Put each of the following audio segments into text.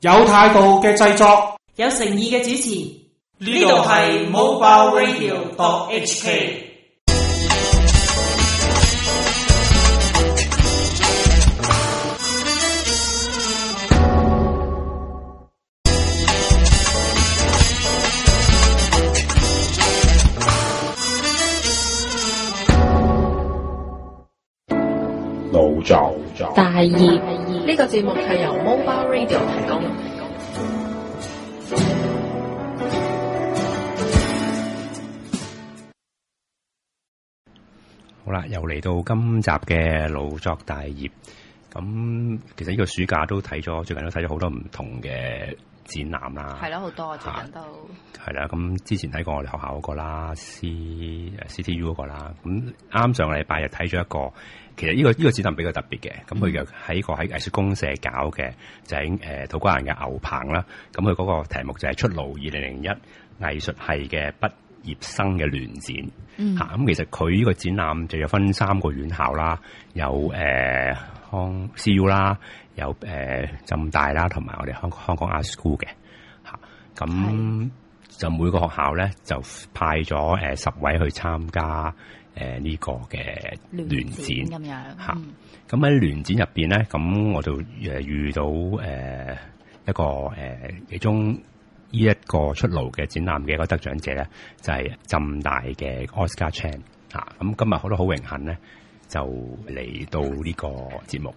有態度嘅製作，有誠意嘅主持，呢度係 Mobile Radio HK。腦作大業。呢個節目係由 Mobile Radio 提供。好啦，又嚟到今集嘅腦作大業。咁其實呢個暑假都睇咗，最近都睇咗好多唔同嘅。展覽啦，係咯好多，最近都係啦。咁之前睇過我哋學校嗰個啦，C C T U 嗰個啦。咁啱上個禮拜日睇咗一個，其實呢個呢個展覽比較特別嘅。咁佢又喺個喺藝術公社搞嘅，就喺誒土瓜灣嘅牛棚啦。咁佢嗰個題目就出係出爐二零零一藝術系嘅畢業生嘅聯展。吓，咁其實佢呢個展覽就有分三個院校啦，有誒、呃、康 C U 啦。有誒、呃、浸大啦，同埋我哋香香港阿 School 嘅吓，咁、啊、是的 就每個學校咧就派咗誒、呃、十位去參加誒、呃這個啊、呢個嘅聯展咁樣吓，咁喺聯展入邊咧，咁我就誒、呃、遇到誒、呃、一個誒、呃、其中呢一個出爐嘅展覽嘅一個得獎者咧，就係、是、浸大嘅 Oscar Chan 吓、啊，咁今日我都好榮幸咧，就嚟到呢個節目。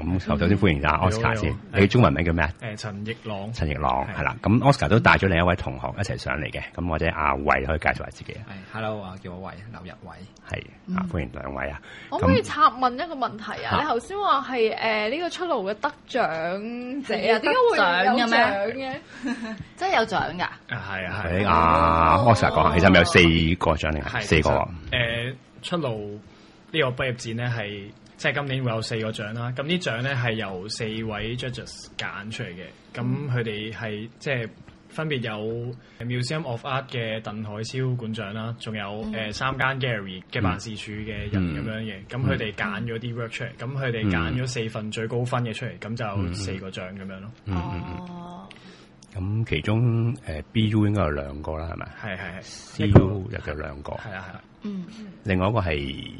咁首先歡迎阿 Oscar 先，你中文名叫咩啊？誒，陳翊朗。陳翊朗係啦，咁 Oscar 都帶咗另一位同學一齊上嚟嘅，咁或者阿偉去介紹下自己。係，hello 啊，叫阿偉，劉逸偉。係，啊，歡迎兩位啊。可唔可以插問一個問題啊？你頭先話係誒呢個出路嘅得獎者，點解會有獎嘅？真係有獎㗎？係係啊，Oscar 講下，其實咪有四個獎㗎，四個。誒，出路呢個畢業展咧係。即係今年會有四個獎啦，咁啲獎咧係由四位 judges 揀出嚟嘅，咁佢哋係即係分別有 Museum of Art 嘅鄧海超館長啦，仲有誒、嗯呃、三間 gallery 嘅辦事處嘅人咁樣嘅，咁佢哋揀咗啲 work 出嚟，咁佢哋揀咗四份最高分嘅出嚟，咁、嗯、就有四個獎咁樣咯。哦，咁其中誒 B U 應該有兩個啦，係咪？係係係，C U 有就兩個，係啦係啦，嗯，另外一個係。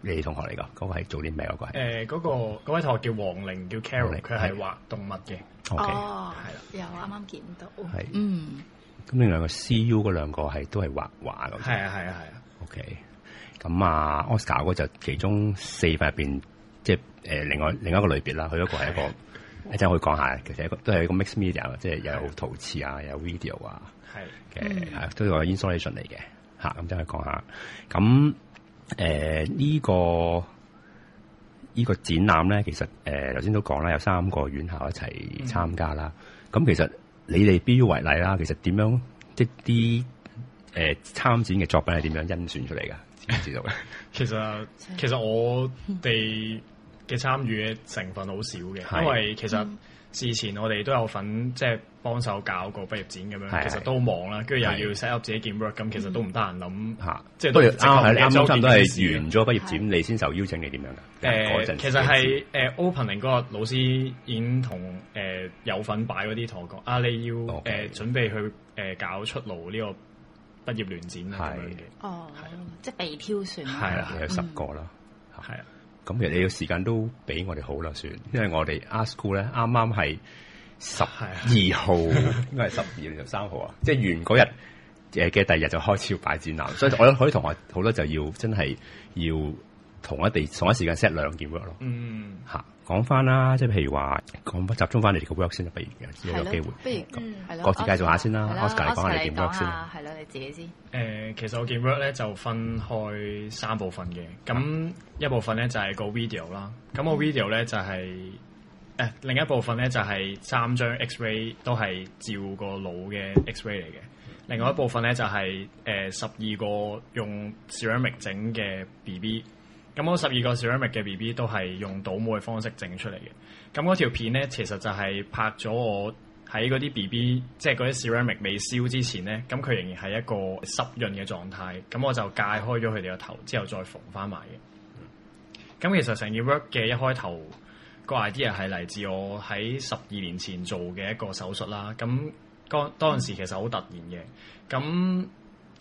你同學嚟噶，嗰個係做啲咩嗰個？誒，嗰個嗰位同學叫黃玲，叫 Carol，佢係畫動物嘅。哦，係啦，又啱啱見到。係，嗯，咁另外個 CU 嗰兩個係都係畫畫嘅。係啊，係啊，係啊。OK，咁啊，Oscar 嗰就其中四份入邊，即係誒另外另一個類別啦。佢嗰個係一個，一陣我講下，其實一個都係一個 mixed media，即係有陶瓷啊，有 video 啊，係嘅，都係 installation 嚟嘅嚇。咁一陣我講下，咁。誒，呢、呃這個呢、這個展覽咧，其實誒，頭、呃、先都講啦，有三個院校一齊參加啦。咁、嗯嗯、其實你哋必於為例啦，其實點樣即啲誒、呃、參展嘅作品係點樣甄選出嚟㗎？知唔知道其？其實其實我哋嘅參與嘅成分好少嘅，是因為其實、嗯。之前我哋都有份即係幫手搞個畢業展咁樣，其實都忙啦，跟住又要 set up 自己件 work，咁其實都唔得閒諗，即係啱啱都係完咗畢業展，你先受邀請，你點樣噶？誒，其實係誒 opening 嗰個老師已經同誒有份擺嗰啲同我講，啊你要誒準備去誒搞出爐呢個畢業聯展咁樣嘅，哦，即係被挑選，係啊，有十個啦，係啊。咁其實你嘅時間都比我哋好啦，算了，因為我哋 art school 咧啱啱係十二號，剛剛 應該係十二定十三號啊， 即係完嗰日誒嘅、呃、第二日就開始要擺展覽，所以我覺得好多同學好多就要真係要。同一地同一時間 set 兩件 work 咯，嚇講翻啦，即係譬如話，我集中翻哋了個 work 先，就不如嘅，有機會。不如，嗯，係咯。各自、嗯、介紹下先啦，Oscar 講下你件 work 先。係咯係咯，你自己先。誒、呃，其實我件 work 咧就分開三部分嘅，咁一部分咧就係、是、個 video 啦，咁個 video 咧就係、是、誒、呃、另一部分咧就係、是、三張 X-ray 都係照個腦嘅 X-ray 嚟嘅，另外一部分咧就係、是、誒、呃、十二個用 ceramic 整嘅 B.B。咁我十二個 ceramic 嘅 B B 都係用倒模嘅方式整出嚟嘅。咁嗰條片咧，其實就係拍咗我喺嗰啲 B B，即係嗰啲 ceramic 未燒之前咧，咁佢仍然係一個濕潤嘅狀態。咁我就 𠝹 開咗佢哋個頭之後再縫翻埋嘅。咁其實成件 work 嘅一開頭，個 idea 係嚟自我喺十二年前做嘅一個手術啦。咁當當時其實好突然嘅。咁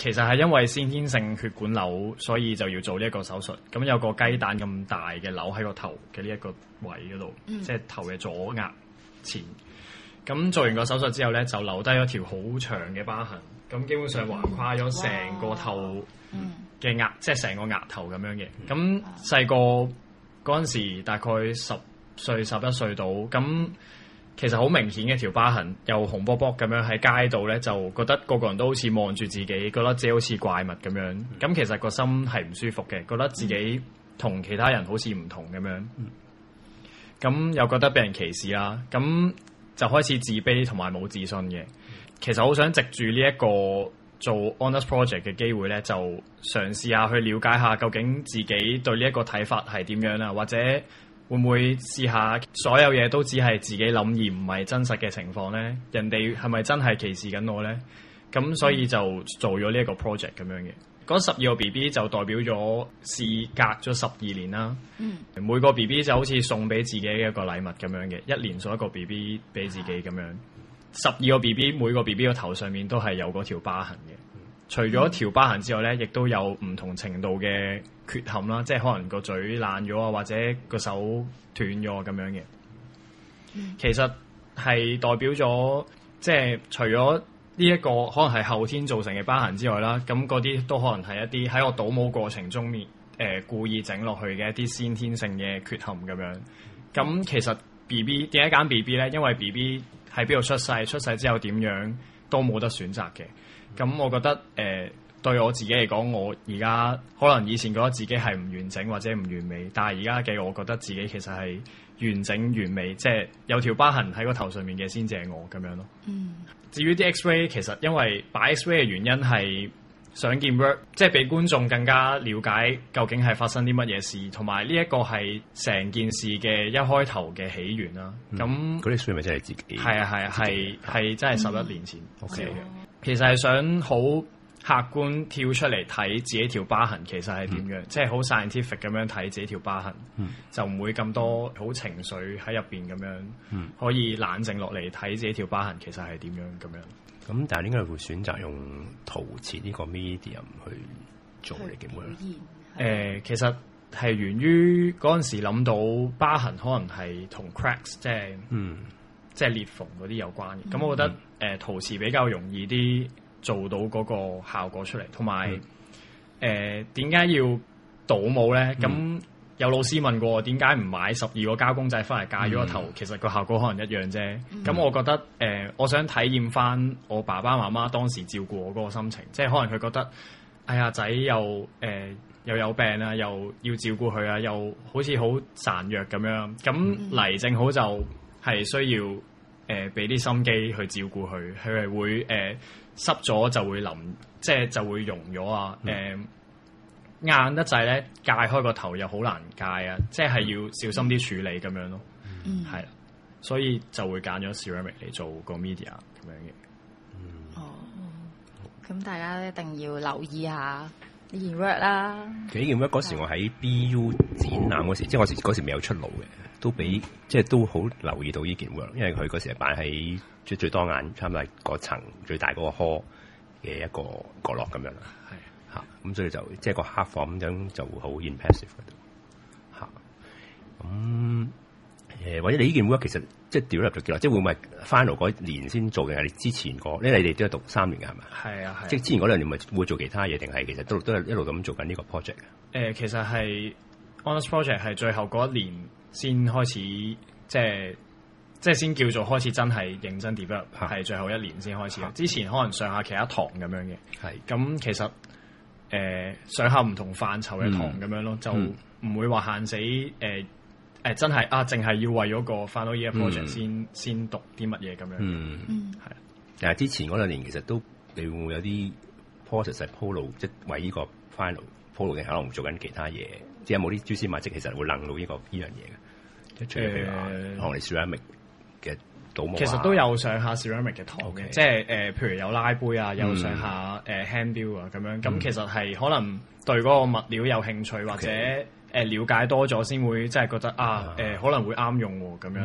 其實係因為先天性血管瘤，所以就要做呢一個手術。咁有個雞蛋咁大嘅瘤喺個頭嘅呢一個位嗰度，嗯、即係頭嘅左額前。咁做完個手術之後咧，就留低一條好長嘅疤痕。咁基本上橫跨咗成個頭嘅額，嗯、即係成個額頭咁樣嘅。咁細個嗰陣時，時大概十歲、十一歲到咁。其實好明顯嘅條疤痕，又紅卜卜咁樣喺街度呢，就覺得個個人都好似望住自己，覺得自己好似怪物咁樣。咁、嗯、其實個心係唔舒服嘅，覺得自己同其他人好似唔同咁樣。咁、嗯嗯、又覺得俾人歧視啊，咁就開始自卑同埋冇自信嘅。嗯、其實好想藉住呢一個做 honest project 嘅機會呢，就嘗試下去了解下究竟自己對呢一個睇法係點樣啦，或者。會唔會試下所有嘢都只係自己諗而唔係真實嘅情況呢？人哋係咪真係歧視緊我呢？咁所以就做咗呢一個 project 咁樣嘅。嗰十二個 B B 就代表咗事隔咗十二年啦。嗯，每個 B B 就好似送俾自己一個禮物咁樣嘅，一年送一個 B B 俾自己咁樣。十二個 B B 每個 B B 個頭上面都係有嗰條疤痕嘅。除咗條疤痕之外咧，亦都有唔同程度嘅缺陷啦，即係可能個嘴爛咗啊，或者個手斷咗咁樣嘅。其實係代表咗，即係除咗呢一個可能係後天造成嘅疤痕之外啦，咁嗰啲都可能係一啲喺我倒模過程中面誒、呃、故意整落去嘅一啲先天性嘅缺陷咁樣。咁其實 B B 點解揀 B B 咧？因為 B B 喺邊度出世，出世之後點樣都冇得選擇嘅。咁我覺得誒、呃、對我自己嚟講，我而家可能以前覺得自己係唔完整或者唔完美，但係而家嘅我覺得自己其實係完整完美，即、就、係、是、有條疤痕喺個頭上面嘅先至係我咁樣咯。嗯，至於啲 X-ray 其實因為擺 X-ray 嘅原因係想見 work，即係俾觀眾更加了解究竟係發生啲乜嘢事，同埋呢一個係成件事嘅一開頭嘅起源啦。咁嗰啲 X-ray 咪即係自己係啊係係係真係十一年前、嗯。其實係想好客觀跳出嚟睇自己條疤痕，嗯、痕，其實係點樣？即係好 scientific 咁樣睇自己條疤痕，就唔會咁多好情緒喺入邊咁樣，嗯、可以冷靜落嚟睇自己條疤痕其實係點樣咁樣。咁、嗯、但係點解係會選擇用陶瓷呢個 medium 去做嚟嘅冇啦。呃、的其實係源於嗰陣時諗到疤痕可能係同 cracks 即、就、係、是、嗯。即係裂縫嗰啲有關嘅，咁我覺得誒陶瓷比較容易啲做到嗰個效果出嚟，同埋誒點解要倒模咧？咁有老師問過我，點解唔買十二個膠公仔翻嚟嫁咗個頭？其實個效果可能一樣啫。咁我覺得誒，我想體驗翻我爸爸媽媽當時照顧我嗰個心情，即係可能佢覺得哎呀仔又誒又有病啊，又要照顧佢啊，又好似好孱弱咁樣。咁嚟正好就。係需要誒俾啲心機去照顧佢，佢係會誒、呃、濕咗就會腍，即係就會溶咗啊！誒、嗯呃、硬得滯咧，戒開個頭又好難戒啊！即係要小心啲處理咁樣咯。嗯，係啦，所以就會揀咗 ceramic 來做個 media 咁樣嘅。哦，咁大家一定要留意下啲 work 啦。幾件 work 嗰時我喺 BU 展覽嗰時，的時，覽時，即係我時嗰時未有出爐嘅。都俾、嗯、即係都好留意到呢件 work，因為佢嗰時係擺喺最最多眼差唔多嗰層最大嗰個 hall 嘅一個角落咁樣啦。係嚇是、啊啊，咁、嗯、所以就即係個客房咁樣就會好 impressive 度、啊、嚇。咁、嗯、誒、呃，或者你呢件 work 其實即係掉入咗幾耐？即係會唔會 final 嗰年先做嘅？你之前、嗰個，因為你哋都係讀三年嘅係咪？係啊，啊、即係之前嗰兩年咪會做其他嘢定係其實都都係一路咁做緊呢個 project？誒、呃，其實係 Honest project 係最後嗰一年。先開始，即係即係先叫做開始，真係認真 develop，係、啊、最後一年先開始。啊、之前可能上下其他堂咁樣嘅，咁是其實誒、呃、上下唔同範疇嘅堂咁樣咯，嗯、就唔會話限死誒誒、呃，真係啊，淨係要為嗰個 final year project 先先讀啲乜嘢咁樣。嗯，係。但係之前嗰兩年其實都，你會唔會有啲 process、鋪路即係為呢個 final 鋪路嘅可能做緊其他嘢？即係冇啲蛛絲馬跡其實會諗到呢個呢樣嘢嘅？即譬誒，學、呃、你 ceramic 嘅倒模，其實都有上下 ceramic 嘅堂嘅，Okay. 即係誒、呃，譬如有拉杯啊，有上下誒 hand bill 啊咁樣。咁其實係可能對嗰個物料有興趣，Okay. 或者誒、呃、了解多咗先會即係覺得啊，誒、呃、可能會啱用喎、啊、咁樣。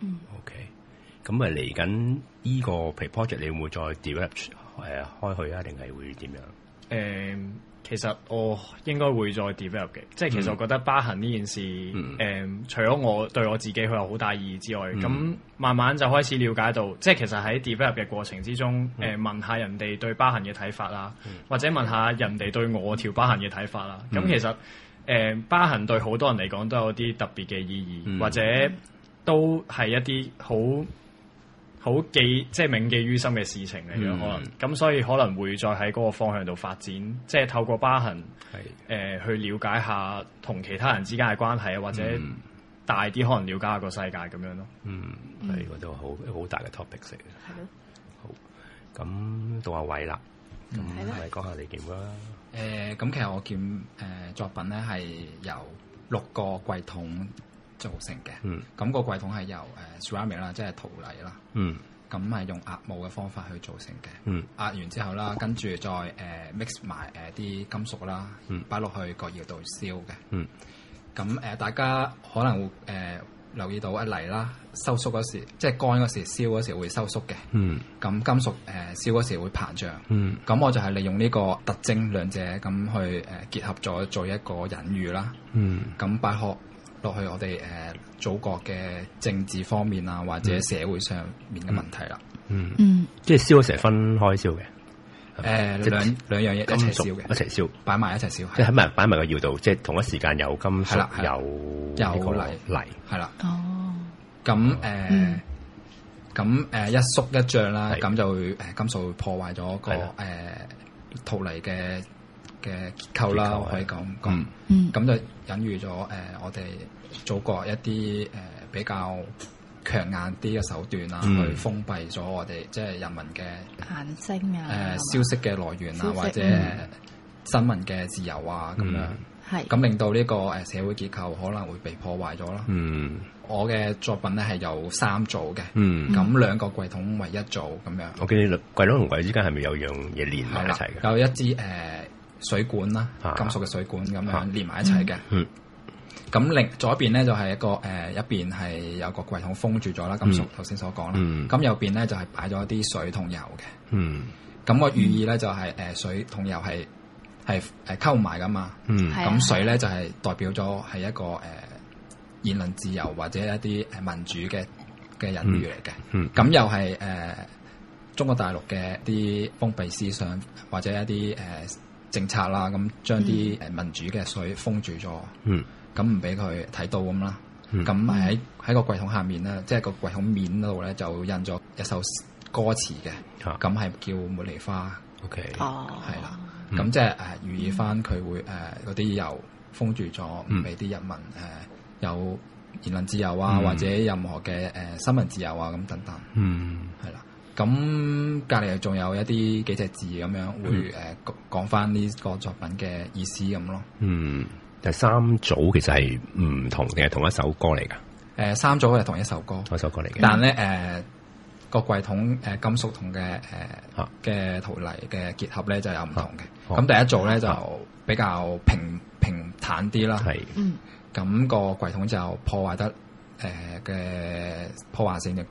嗯，OK。咁啊，嚟緊依個 project 你會唔會再 develop 誒開去啊？定係會點樣？誒、呃。其實我應該會再 develop 嘅，即係其實我覺得疤痕呢件事，誒、嗯呃，除咗我對我自己佢有好大意義之外，咁、嗯、慢慢就開始了解到，即係其實喺 develop 嘅過程之中，誒、嗯呃，問下人哋對疤痕嘅睇法啦，嗯、或者問下人哋對我條疤痕嘅睇法啦。咁、嗯、其實，誒、呃，疤痕對好多人嚟講都有啲特別嘅意義，嗯、或者都係一啲好。好記，即係銘記於心嘅事情嚟嘅，可能咁、嗯、所以可能會再喺嗰個方向度發展，即係透過疤痕誒去了解下同其他人之間嘅關係啊，或者大啲可能了解下個世界咁樣咯。嗯，係嗰啲好好大嘅 topic 嚟嘅。係咯，好，咁到阿偉啦，咁係講下你件啦。誒，咁、呃、其實我件誒作品咧係由六個櫃桶做成嘅，咁、嗯、個櫃桶係由誒 ceramic 啦，即係陶泥啦，咁係用壓模嘅方法去做成嘅，壓、嗯、完之後啦，跟住再誒 mix 埋誒啲金屬啦，擺落去個窯度燒嘅，咁誒、嗯呃、大家可能會誒、呃、留意到一嚟啦，收縮嗰時即係乾嗰時燒嗰時會收縮嘅，咁、嗯嗯、金屬誒燒嗰時會膨脹，咁、嗯、我就係利用呢個特徵兩者咁去誒結合咗做一個隱喻啦，咁擺開落去我哋誒祖國嘅政治方面啊，或者社會上面嘅問題啦。嗯，即係燒成日分開燒嘅。誒，兩兩樣嘢一齊燒嘅，一齊燒擺埋一齊燒，即係喺埋擺埋個窯度，即係同一時間有金屬，有有泥泥，係啦。哦，咁誒，咁誒一縮一漲啦，咁就誒金屬會破壞咗個誒陶泥嘅。嘅結構啦，可以講講，咁就隱喻咗誒我哋祖國一啲誒比較強硬啲嘅手段啊，去封閉咗我哋即係人民嘅眼睛啊，誒消息嘅來源啊，或者新聞嘅自由啊，咁樣，係咁令到呢個誒社會結構可能會被破壞咗咯。嗯，我嘅作品咧係有三組嘅，嗯，咁兩個櫃桶為一組咁樣。我記得櫃桶同櫃之間係咪有樣嘢連埋一齊嘅？有一支誒。水管啦，金屬嘅水管咁樣連埋一齊嘅。咁另、嗯、左邊咧就係、是、一個誒、呃，一邊係有個櫃桶封住咗啦。金屬咁頭先所講啦，咁、嗯、右邊咧就係擺咗一啲水同油嘅。咁個、嗯、寓意咧就係、是、誒、呃、水同油係係係溝埋噶嘛。咁、嗯、水咧就係、是、代表咗係一個誒言、呃、論自由或者一啲誒民主嘅嘅隱喻嚟嘅。咁、嗯嗯嗯、又係誒、呃、中國大陸嘅啲封閉思想或者一啲誒。啊啊啊啊政策啦，咁將啲誒民主嘅水封住咗，嗯，咁唔俾佢睇到咁啦。咁喺喺個櫃桶下面咧，即係個櫃桶面度咧，就印咗一首歌詞嘅，咁係、啊、叫《茉莉花》。OK，哦，係啦，咁、嗯、即係誒寓意翻佢會誒啲、呃、油封住咗，唔俾啲人民誒、呃、有言論自由啊，嗯、或者任何嘅誒、呃、新聞自由啊，咁等等，等等。嗯，係啦、嗯。咁隔籬仲有一啲幾隻字咁樣，會誒講翻呢個作品嘅意思咁咯。嗯，第三組其實係唔同嘅，同一首歌嚟噶。誒，三組係同一首歌，呃、同一首歌嚟嘅。但係咧，誒、呃、個櫃桶誒、呃、金屬桶嘅誒嘅陶泥嘅結合咧就有唔同嘅。咁、啊、第一組咧就比較平、啊、平坦啲啦。係的。嗯。咁、嗯、個櫃桶就破壞得誒嘅、呃、破壞性嘅。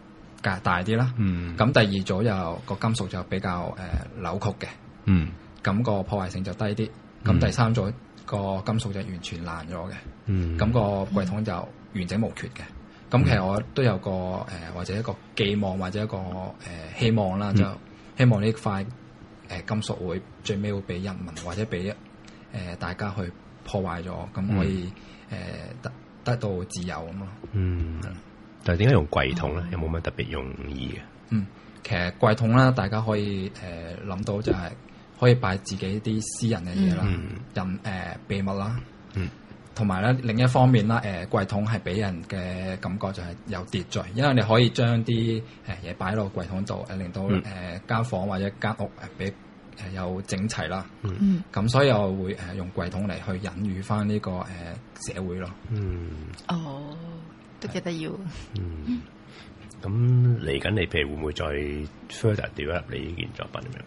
架大啲啦，咁、嗯、第二組又個金屬就比較誒扭曲嘅，咁個、嗯、破壞性就低啲。咁、嗯、第三組個金屬就完全爛咗嘅，咁個櫃桶就完整無缺嘅。咁、嗯、其實我都有個誒或者一個寄望或者一個誒希望啦，嗯、就希望呢塊誒金屬會最尾會俾人民或者俾誒大家去破壞咗，咁、嗯、可以誒得得到自由咁咯。嗯。但係點解用櫃桶咧？有冇咩特別用意嘅？嗯，其實櫃桶啦，大家可以誒諗到就係可以擺自己啲私人嘅嘢啦，人誒秘密啦，嗯，同埋咧另一方面啦，誒櫃桶係俾人嘅感覺就係有秩序，因為你可以將啲誒嘢擺落櫃桶度，誒令到誒間房或者間屋誒俾誒有整齊啦，嗯，咁所以我會誒用櫃桶嚟去隱喻翻呢個誒社會咯，嗯，哦。都值得要。嗯，咁嚟緊你譬如會唔會再 further 掉入你呢件作品咁樣？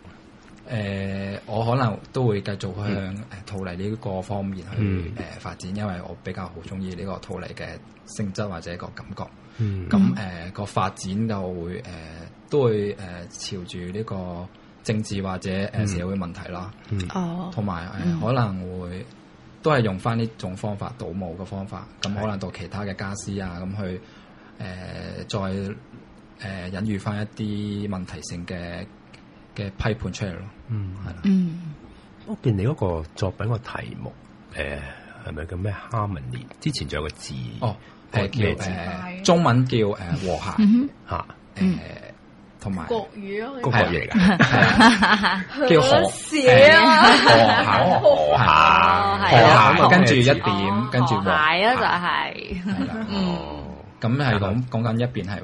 誒、呃，我可能都會繼續向誒逃離呢個方面去誒、嗯呃、發展，因為我比較好中意呢個逃離嘅性質或者一個感覺。咁誒個發展就會誒、呃、都會誒、呃、朝住呢個政治或者誒社會問題啦。嗯嗯、哦，同埋誒可能會。都係用翻呢種方法，倒模嘅方法，咁可能到其他嘅家私啊，咁去誒、呃、再誒隱喻翻一啲問題性嘅嘅批判出嚟咯。嗯，係的。嗯，我見你嗰個作品個題目誒係咪叫咩？Harmony 之前仲有個字哦、呃字呃，中文叫誒、呃、和諧嚇誒。同埋國語咯，係國語嚟噶，叫河蟹，河河蟹，河蟹，跟住一邊，跟住河啊，就係，哦，咁係講講緊一邊係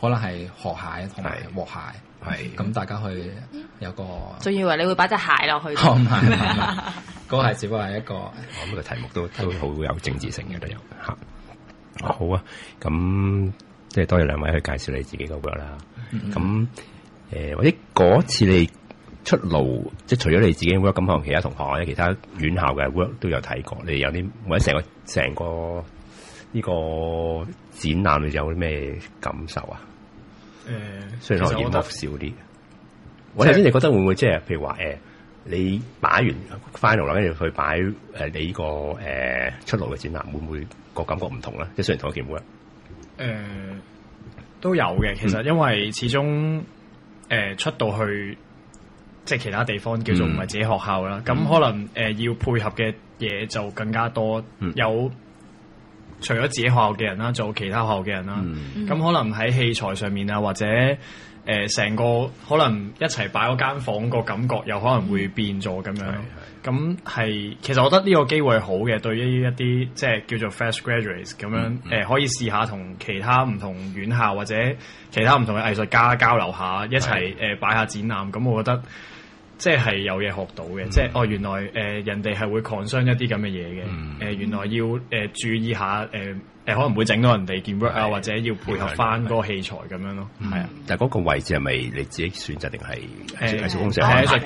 可能係河蟹同埋河蟹，係，咁大家去有個，仲以為你會擺隻蟹落去，唔係，個係只不過係一個，咁個題目都都好有政治性嘅都有，吓，好啊，咁。即係多謝兩位去介紹你自己個 work 啦。咁誒、嗯嗯呃，或者嗰次你出爐，即係除咗你自己 work，咁可能其他同學或者其他院校嘅 work 都有睇過。你有啲或者成個成個呢個個展覽有啲咩感受啊？誒、呃，相對而言少啲。我頭先就覺得會唔會即、就、係、是，譬如話誒、呃，你擺完 final 啦，跟住去擺誒、呃、你呢、這個誒、呃、出爐嘅展覽，會唔會個感覺唔同咧？即係雖然同一件 w o r 誒、呃，都有嘅。其實因為始終誒、呃、出到去即係其他地方，叫做唔係自己學校啦。咁、嗯、可能誒、呃、要配合嘅嘢就更加多，嗯、有。除咗自己學校嘅人啦，做其他學校嘅人啦，咁、嗯、可能喺器材上面啊，或者誒成、呃、個可能一齊擺嗰間房個感覺，又可能會變咗咁樣。咁係、嗯、其實我覺得呢個機會好嘅，對於一啲即係叫做 fresh graduates 咁樣誒、嗯嗯呃，可以試下同其他唔同院校或者其他唔同嘅藝術家交流下，一齊誒、嗯呃、擺下展覽。咁、係嘅、我覺得。即係有嘢學到嘅，嗯、即係哦，原來誒、呃、人哋係會 concern 一啲咁嘅嘢嘅，誒、嗯呃、原來要誒、呃、注意下誒誒、呃、可能會整到人哋件 work 啊，的或者要配合翻嗰個器材咁樣咯，係啊。但係嗰個位置係咪你自己選擇定係誒？係藝術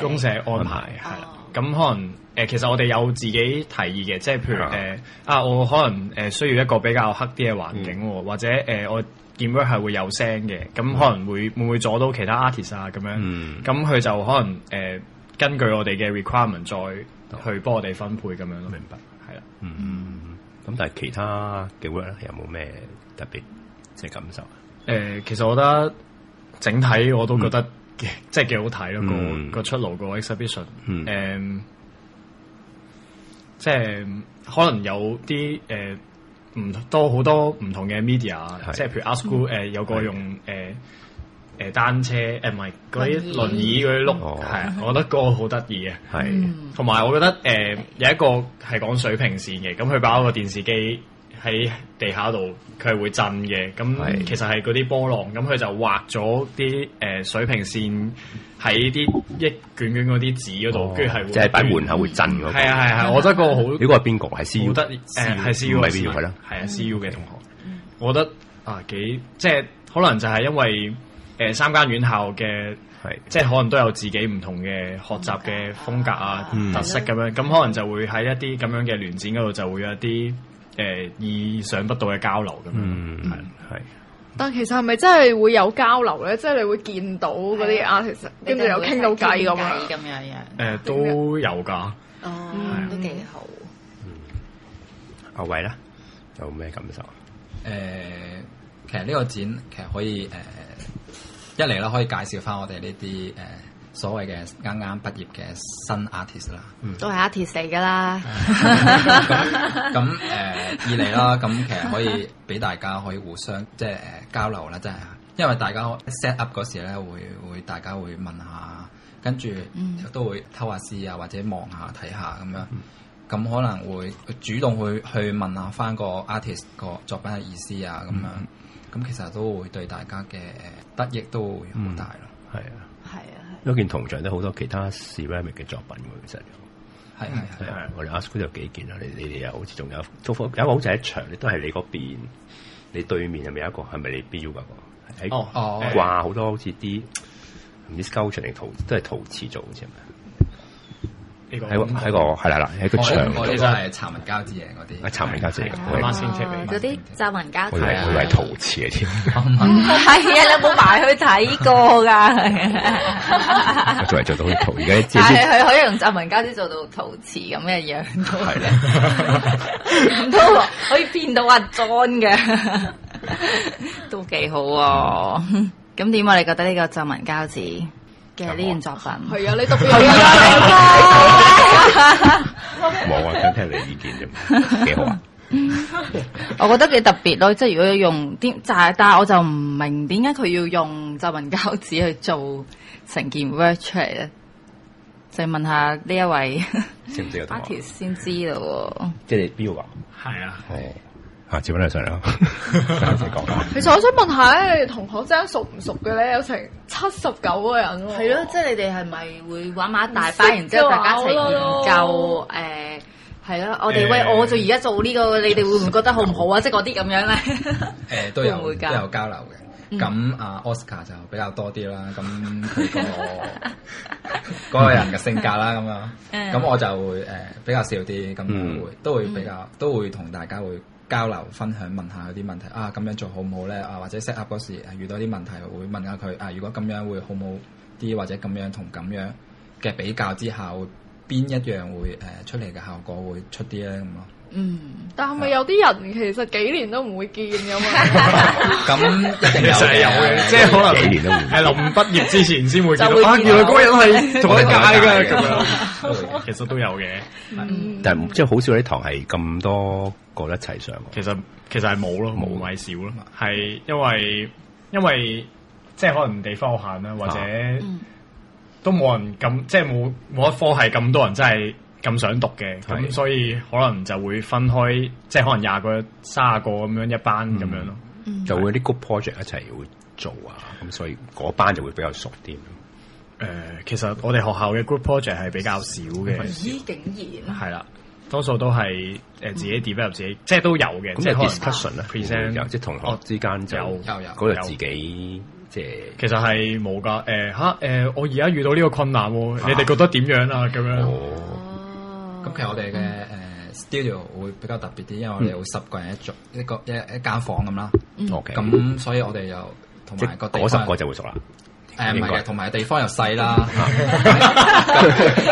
公社安排係、呃、啊。咁可能誒其實我哋有自己提議嘅，即係譬如誒啊，我可能誒需要一個比較黑啲嘅環境，或者誒我 keyboard 係會有聲嘅，咁可能會會唔會阻到其他 artist 啊咁樣，咁佢就可能誒根據我哋嘅 requirement 再去幫我哋分配咁樣咯，明白？係啦，嗯，咁但係其他嘅 work 咧，有冇咩特別，即係感受？誒其實我覺得整體我都覺得。即係幾好睇咯，個個、嗯、出爐個 exhibition，誒，即係可能有啲誒唔多好多唔同嘅 media，是即係譬如阿 school 誒有個用誒誒的、呃、單車誒唔係嗰啲輪椅嗰啲轆係啊，我覺得嗰個好得意嘅，係， 同埋我覺得誒、呃、有一個係講水平線嘅，咁佢把個電視機。喺地下度，佢係會震嘅。咁其實係嗰啲波浪，咁佢就畫咗啲誒水平線喺啲一卷卷嗰啲紙嗰度，跟住係即係擺門口會震嗰個，係啊係係，我覺得個好。呢個係邊個？係 CU。好得意誒，係 CU。唔係必要係啊，CU 嘅同學，我覺得啊幾，即係可能就係因為誒三間院校嘅，即係可能都有自己唔同嘅學習嘅風格啊特色咁樣，咁可能就會喺一啲咁樣嘅聯展嗰度就會有一啲。誒，意想不到嘅交流咁樣，系係、嗯。但其實係咪真係會有交流咧？即、就、係、是、你會見到嗰啲 artist 跟住有傾到偈咁樣咁樣。誒、呃，都有噶，嗯啊、都幾好。阿偉咧有咩感受誒、呃，其實呢個展其實可以誒、呃，一嚟啦，可以介紹翻我哋呢啲誒。呃所謂嘅啱啱畢業嘅新、嗯、artist 啦，都係 artist 嚟㗎啦。咁誒二嚟啦，咁、呃、 其實可以俾大家可以互相即係誒交流啦，真係。因為大家 set up 嗰時咧，會會大家會問下，跟住亦都會偷下師啊，或者望下睇下咁樣。咁、嗯、可能會主動去去問下返個 artist 個作品嘅意思啊，咁樣。咁、嗯、其實都會對大家嘅得益都會好大咯。係啊、嗯。嗰件銅像都好多其他 ceramic 嘅作品喎，其實係係係，啊、我哋 askful 有幾件啊，你你哋又好似仲有，仲有一個好似喺牆，都你都係你嗰邊，你對面係咪有一個係咪你標嗰、那個？喺掛好多好似啲唔知 sculpture 定陶，都係陶瓷做嘅。好呢個喺個係啦啦，喺個牆嗰啲就係皺紋膠紙嘅嗰啲，皺、哦、文膠紙嘅嗰啲皺紋膠，係啊，佢 為，為陶瓷嘅添，係啊，你有冇埋去睇過噶，做嚟做到陶瓷，而家係可以用皺紋膠紙做到陶瓷咁嘅樣，係啦，唔通可以變到阿 John 嘅，都幾好啊！咁點解你覺得呢個皺紋膠紙？呢件作品係 啊，呢度表演嚟㗎。冇啊，想聽你意見啫，幾好啊！ 我覺得幾特別咯，即係如果用啲就但係我就唔明點解佢要用皺紋膠紙去做成件 work 出嚟咧。就係問下呢一位， 認認 知唔先知咯？即係你標㗎，係啊，係。啊，接返嚟上嚟咯，一齊講。其實我想問下咧，同學真係熟唔熟嘅咧，有成七十九個人。係咯，即係你哋係咪會玩埋一大班，然之後大家一齊研究？誒，係咯，我哋喂，我就而家做呢個，你哋會唔覺得好唔好啊？即係嗰啲咁樣咧。誒，都有都有交流嘅。咁阿 Oscar 就比較多啲啦。咁佢個個人嘅性格啦，咁樣。咁我就會誒比較少啲。咁會都會比較都會同大家會交流分享，問下佢啲問題啊，咁樣做好唔好咧？啊，或者 set up 嗰時遇到啲問題會問下佢啊，如果咁樣會好唔好啲，或者咁樣同咁樣嘅比較之下，邊一樣會誒、呃、出嚟嘅效果會出啲咧咁咯。嗯，但係咪有啲人其實幾年都唔會見嘅嘛？咁 其實係有嘅，即係可能幾年都係臨畢業之前先會見到。就原來嗰個人係同一屆嘅，咁 樣 其實都有嘅。嗯、但係即係好少啲堂係咁多個一齊上其。其實其實係冇咯，冇咪少咯嘛。係因為因為即係可能地方限啦，或者、啊嗯、都冇人咁，即係冇冇一科係咁多人真係。咁想讀嘅，咁所以可能就會分開，即係可能廿個、卅個咁樣一班咁樣咯，就會有啲 group project 一齊會做啊，咁所以嗰班就會比較熟啲。誒，其實我哋學校嘅 group project 係比較少嘅。咦，竟然係啦，多數都係誒自己 develop 自己，即係都有嘅。咁 discussion 咧，present 即係同學之間有有日自己即係。其實係冇噶，誒吓，誒我而家遇到呢個困難，你哋覺得點樣啊？咁樣。咁其實我哋嘅誒 studio 會比較特別啲，因為我哋會十個人一組，嗯、一個一一間房咁啦。OK 咁所以我哋又同埋個地方，嗰十個就會熟啦。誒唔係嘅，同埋應該 地方又細啦。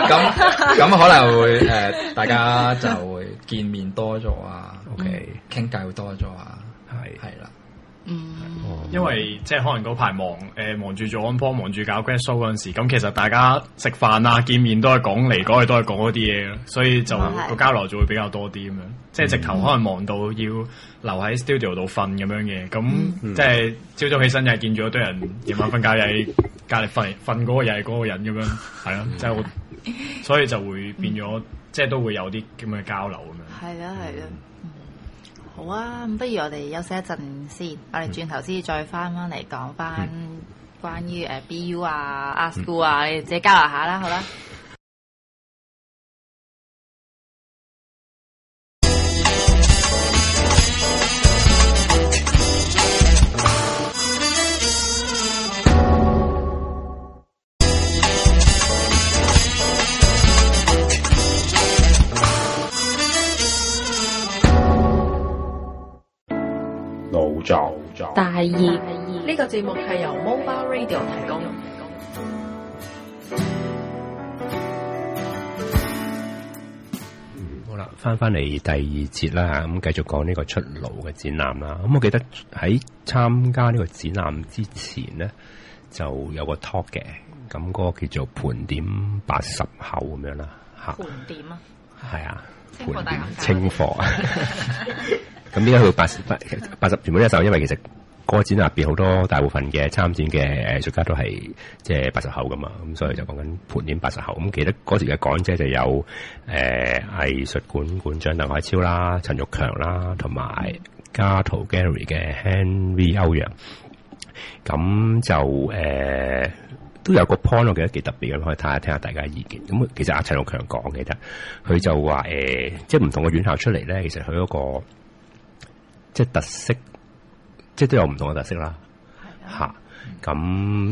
咁咁 可能會誒、呃、大家就會見面多咗啊。OK，傾偈會多咗啊。係係啦。嗯，因為即係可能嗰排忙，誒、呃，忙住做安播，忙住搞 grad show 嗰陣時，咁其實大家食飯啊、見面都係講嚟講去，都係講嗰啲嘢，所以就個、嗯、交流就會比較多啲咁樣。即係直頭可能忙到要留喺 studio 度瞓咁樣嘅，咁、嗯嗯、即係朝早起身又係見咗堆人，夜晚瞓覺又係隔籬瞓瞓嗰個又係嗰個人咁樣，係咯、啊，嗯、即係所以就會變咗，即係都會有啲咁嘅交流咁樣。係啊，係、嗯、啊。 好啊，咁不如我哋休息一陣先，嗯、我哋轉頭先再翻翻嚟講翻關於誒、呃、BU 啊、art school 啊，嗯、你哋自己交流下啦，好啦。第二呢個節目係由 Mobile Radio 提供。嗯，好啦，翻翻嚟第二節啦，咁、嗯、繼續講呢個出爐嘅展覽啦。咁、嗯、我記得喺參加呢個展覽之前咧，就有個 talk 嘅，咁嗰、嗯、個叫做盤點八十口咁樣啦，吓盤點啊，係啊，清貨，清貨啊。咁點解去到八十八八十？原本咧就因為其實。個展入邊好多大部分嘅參展嘅誒藝術家都係即係八十後噶嘛，咁所以就講緊盤點八十後。咁記得嗰時嘅講者就有誒、呃、藝術館館長鄧海超啦、陳玉強啦，同埋加圖 gallery 嘅 Henry 歐陽。咁就誒、呃、都有個 point，我記得幾特別嘅，可以睇下聽下大家意見。咁其實阿陳玉強講嘅啫，佢就話誒、呃，即係唔同嘅院校出嚟咧，其實佢嗰個即係特色。即係都有唔同嘅特色啦，吓咁的、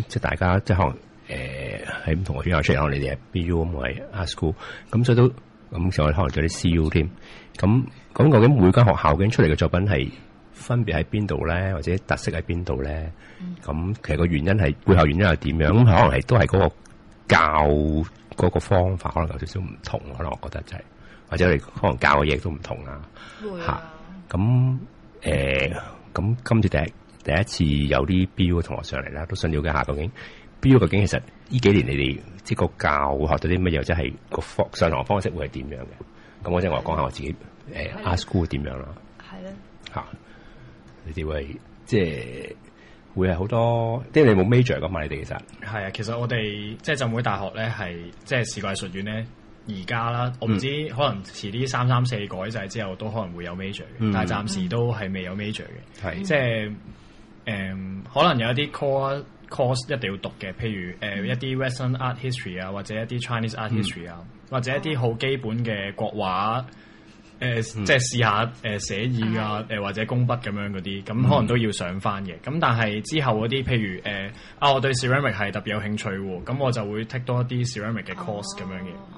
啊、即係大家即係可能誒喺唔同嘅學校出嚟，可能你 B U，我哋嘅 B.U. 咁或者 School，咁、嗯、所以都咁所以可能做啲 C.U. 添、嗯，咁講、嗯嗯、究竟每間學校嘅出嚟嘅作品係分別喺邊度咧，或者特色喺邊度咧？咁、嗯嗯嗯、其實個原因係背後原因係點樣？咁、嗯、可能係都係嗰個教嗰個方法可能有少少唔同，可能我覺得就係、是、或者你可能教嘅嘢都唔同啦，吓咁誒。啊嗯嗯呃咁、嗯、今次第一第一次有啲 B.U. 同學上嚟啦，都想了解下究竟 B.U.、Mm hmm. 究竟其實呢幾年你哋即係個教學會學到啲乜嘢，即係個方上堂方式會係點樣嘅？咁、mm hmm. 我即係我講下我自己誒，阿 school 點樣啦？係啦，吓你哋會即係會係好多，即係你冇 major 噶嘛？你哋其實係啊，其實我哋即係浸會大學咧，係即係視覺藝術院咧。而家啦，我唔知、嗯、可能遲啲三三四改曬之後，都可能會有 major、嗯、但係暫時都係未有 major 嘅。係即係誒，可能有一啲 course course 一定要讀嘅，譬如誒、呃嗯、一啲 Western Art History 啊，或者一啲 Chinese Art History 啊、嗯，或者一啲好基本嘅國畫誒，呃嗯、即係試下誒寫意啊，誒、嗯、或者工筆咁樣嗰啲，咁可能都要上翻嘅。咁但係之後嗰啲，譬如誒、呃、啊，我對 ceramic 係特別有興趣喎，咁我就會 take 多一啲 ceramic 嘅 course 咁樣嘅。啊。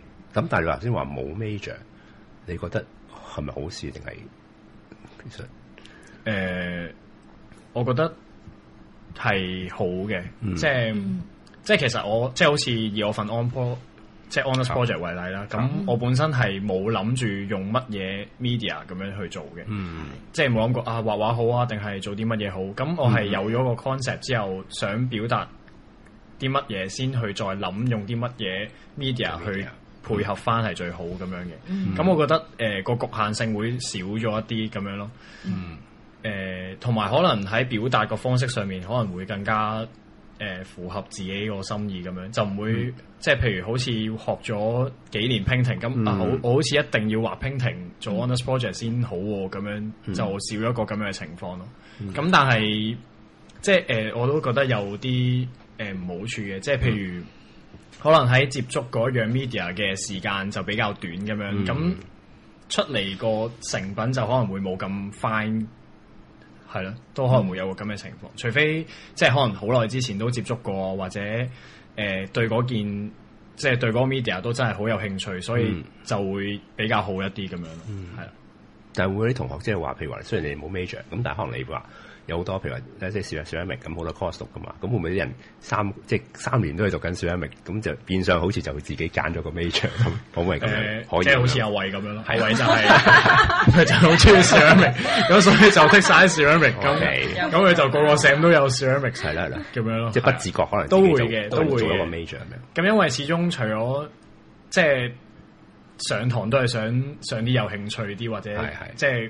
咁，但係你頭先話冇 major，你覺得係咪好事定係？其實，誒、呃，我覺得係好嘅，即係即係其實我即係、就是、好似以我份 on pro 即係 honours project 為例啦。咁、嗯、我本身係冇諗住用乜嘢 media 咁樣去做嘅，即係冇諗過啊畫畫好啊，定係做啲乜嘢好。咁我係有咗個 concept 之後，想表達啲乜嘢先去再諗用啲乜嘢 media 去，配合翻係最好咁、嗯、樣嘅，咁我覺得誒個、呃、局限性會少咗一啲咁樣咯。誒同埋可能喺表達個方式上面可能會更加誒、呃、符合自己個心意咁樣，就唔會、嗯、即係譬如好似學咗幾年 painting 咁，我樣、嗯、我好似一定要畫 painting 做 honest project 先好咁樣，嗯、就少一個咁樣嘅情況咯。咁、嗯嗯、但係即係誒、呃、我都覺得有啲誒唔好處嘅，即係譬如。可能喺接觸嗰樣 media 嘅時間就比較短咁樣，咁、嗯、出嚟個成品就可能會冇咁 fine，係咯，都可能會有個咁嘅情況。嗯、除非即係可能好耐之前都接觸過，或者誒、呃、對件即係對個 media 都真係好有興趣，所以就會比較好一啲咁樣。咯、嗯，係啦，但係會有啲同學即係話，譬如話雖然你冇 major，咁但係可能你話。有好多，譬如話即係小一學一明咁，好多 course 讀噶嘛，咁會唔會啲人三即係三年都係讀緊小一明，咁就變相好似就會自己揀咗個 major 咁，可唔可以咁樣？即係好似阿偉咁樣咯，係偉就係，就好中意小一明，咁所以就剔晒小一明，咁咁佢就個個成都有學一明，係啦係啦，咁樣咯，即係不自覺可能都會嘅，都會做一個 major 咁，因為始終除咗即係上堂都係想上啲有興趣啲或者即係。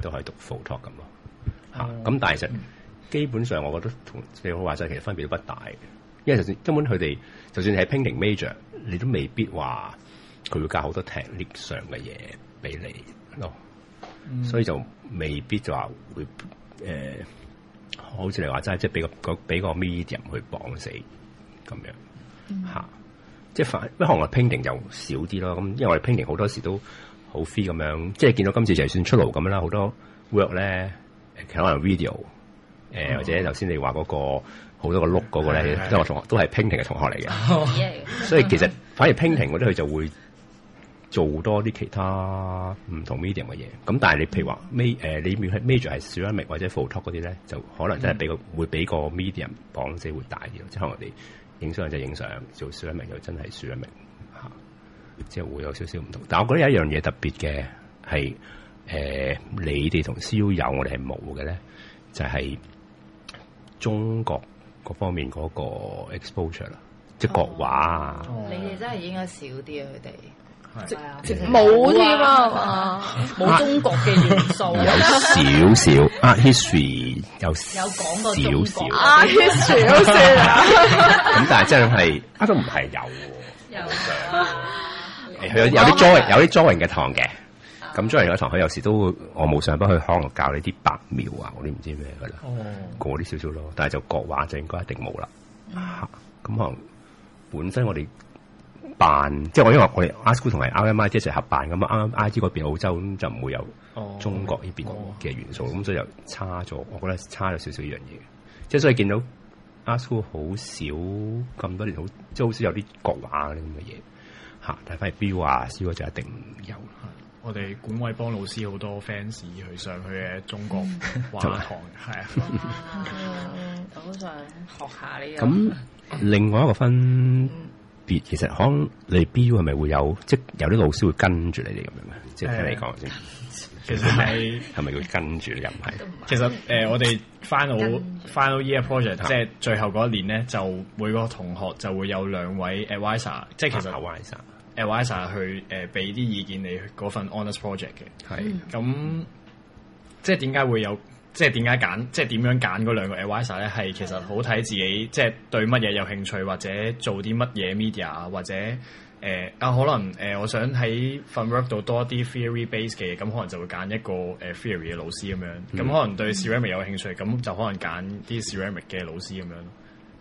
都可以讀 photo 咁咯，嚇、啊！咁、嗯、但係其實、嗯、基本上，我覺得同你好話齋其實分別都不大，嘅，因為就算根本佢哋，就算你係 painting major，你都未必話佢會加好多 technique 上嘅嘢俾你咯，啊嗯、所以就未必就話會誒、呃，好似你話齋，即係俾個俾個 medium 去綁死咁樣嚇、啊嗯啊，即係反不過我哋 painting 就少啲咯，咁因為我哋 painting 好多時都。好 free 咁樣，即係見到今次就算出爐咁樣啦。好多 work 咧，其實可能 video，誒、呃 oh. 或者頭先你話嗰、那個好多個 look 嗰個咧，即係、oh. 我同學都係 painting 嘅同學嚟嘅，oh. 所以其實、oh. 反而 painting 嗰啲佢就會做多啲其他唔同 medium 嘅嘢。咁但係你譬如話 may、呃、你如果係 major 係 ceramic 或者 photo 嗰啲咧，就可能真係俾個、oh. 會俾個 medium 綁勢會大啲。即係我哋影相就影相，做 ceramic 就真係 ceramic。即係會有少少唔同，但係我覺得有一樣嘢特別嘅係，誒，你哋同 C U 我哋係冇嘅咧，就係中國各方面嗰個 exposure 啦，即係國畫啊。你哋真係應該少啲啊，佢哋冇添啊，冇中國嘅元素。有少少，art history 有有講過少少，art history 少少。咁但係真係，都唔係有。有。有啲 join，有啲 join 嘅堂嘅，咁 j join 有啲堂，佢有時都會，我冇上不去，可能教你啲白描啊，我都唔知咩噶啦，嗰啲少少咯。但係就國畫就應該一定冇啦。咁、嗯啊、可能本身我哋辦，即係我因為我哋阿 Sir 同埋 RMI 即係合辦咁啊，啱啱 I T 嗰邊澳洲咁就唔會有中國呢邊嘅元素，咁、哦啊、所以又差咗。我覺得差咗少少呢樣嘢。即係所以見到阿 Sir 好少咁多年好，即係好少有啲國畫嗰啲咁嘅嘢。吓，睇翻 U 啊，U 就一定有。我哋管委邦老師好多 fans 去上去嘅中國話堂，係啊，好在學下呢。咁另外一個分，B 其實可能你 U 係咪會有，即係有啲老師會跟住你哋咁樣咩？即係聽你講先。其實係係咪會跟住又唔係？其實誒，我哋翻到翻到 Year Project，即係最後嗰一年咧，就每個同學就會有兩位 advisor，即係其實。advisor 去誒俾啲意見你嗰份 honest project 嘅，係咁的、嗯、即係點解會有，即係點解揀，即係點樣揀嗰兩個 advisor 咧？係其實好睇自己，即係對乜嘢有興趣，或者做啲乜嘢 media，或者誒、呃、啊，可能誒、呃，我想喺 framework 度多啲 theory base 嘅嘢，咁可能就會揀一個誒、呃、theory 嘅老師咁樣，咁、嗯、可能對 ceramic 有興趣，咁、嗯、就可能揀啲 ceramic 嘅老師咁樣。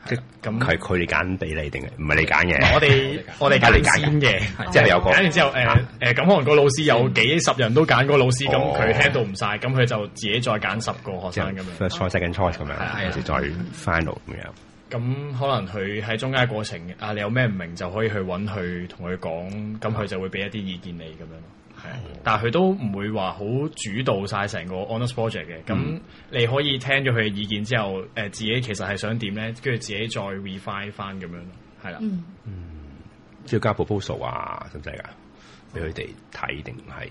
咁係佢哋揀俾你定係，唔係你揀嘅？嗯、我哋 我哋揀嚟揀嘅，即係有個揀完之後，誒誒、啊、咁、呃呃嗯、可能個老師有幾十人都揀個老師，咁佢 handle 唔晒，咁佢就自己再揀十個學生咁樣。first choice 跟 second choice 咁樣，係啊，有時再 final 咁樣。咁可能佢喺中間嘅過程，啊，你有咩唔明就可以去揾佢，同佢講，咁佢就會俾一啲意見你咁樣。但係佢都唔會話好主導晒成個 honours project 嘅。咁你可以聽咗佢嘅意見之後，誒、呃、自己其實係想點咧，跟住自己再 refine 翻咁樣咯。係啦，嗯，即係、嗯、加 proposal 啊，咁滯噶，俾佢哋睇定係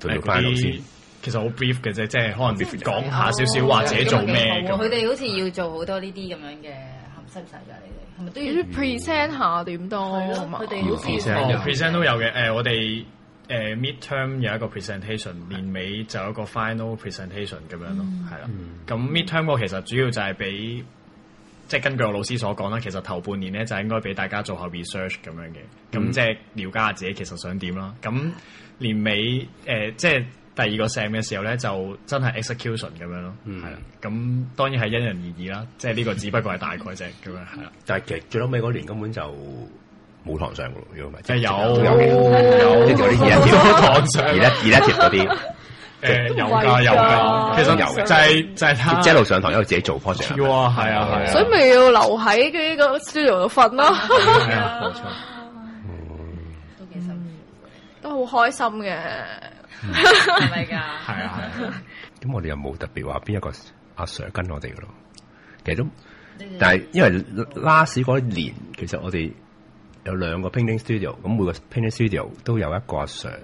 同你翻老師。其實好 brief 嘅啫，即係可能講下少少，或者做咩。佢哋、嗯嗯、好似要做好多呢啲咁樣嘅含蓄晒噶，係咪都要 present 下點多？係佢哋好 present，present 都有嘅。誒、呃，我哋。誒 midterm 有一個 presentation，是年尾就有一個 final presentation 咁樣咯，係、hmm. 啦。咁 midterm 嗰其實主要就係俾，即、就、係、是、根據我老師所講啦，其實頭半年咧就是、應該俾大家做下 research 咁樣嘅，咁即係了解下自己其實想點啦。咁年尾誒即係第二個 sem 嘅時候咧，就真係 execution 咁樣咯，係啦、mm. 嗯。咁當然係因人而異啦，即係呢個只不過係大概啫，咁 樣，係啦。但係其實最撈尾嗰年根本就～冇堂上嘅咯，如果唔係，有有，跟住有啲二一節，二一節嗰啲，誒有㗎有㗎，其實有嘅，真係真係一路上堂一路自己做 project，哇，係啊係啊，所以咪要留喺佢個 studio 度瞓咯，冇錯，都幾辛苦，都好開心嘅，係咪㗎？係啊係啊，咁我哋又冇特別話邊一個阿 Sir 跟我哋嘅咯，其實都，但係因為 last 嗰一年，其實我哋。有兩個 painting studio，咁每個 painting studio 都有一個阿 Sir，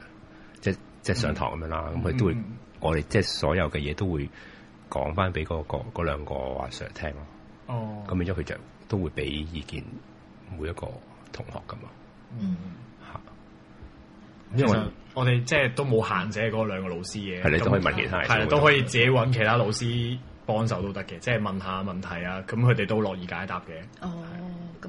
即即上堂咁樣啦。咁佢都會我哋即所有嘅嘢都會講翻俾嗰個嗰兩個阿 Sir 聽咯。哦，咁然之後佢就都會俾意見每一個同學咁啊。嗯，因為我哋即都冇限制嗰兩個老師嘅，係你都可以問其他，係都可以自己揾其他老師幫手都得嘅，即問下問題啊，咁佢哋都樂意解答嘅。哦，咁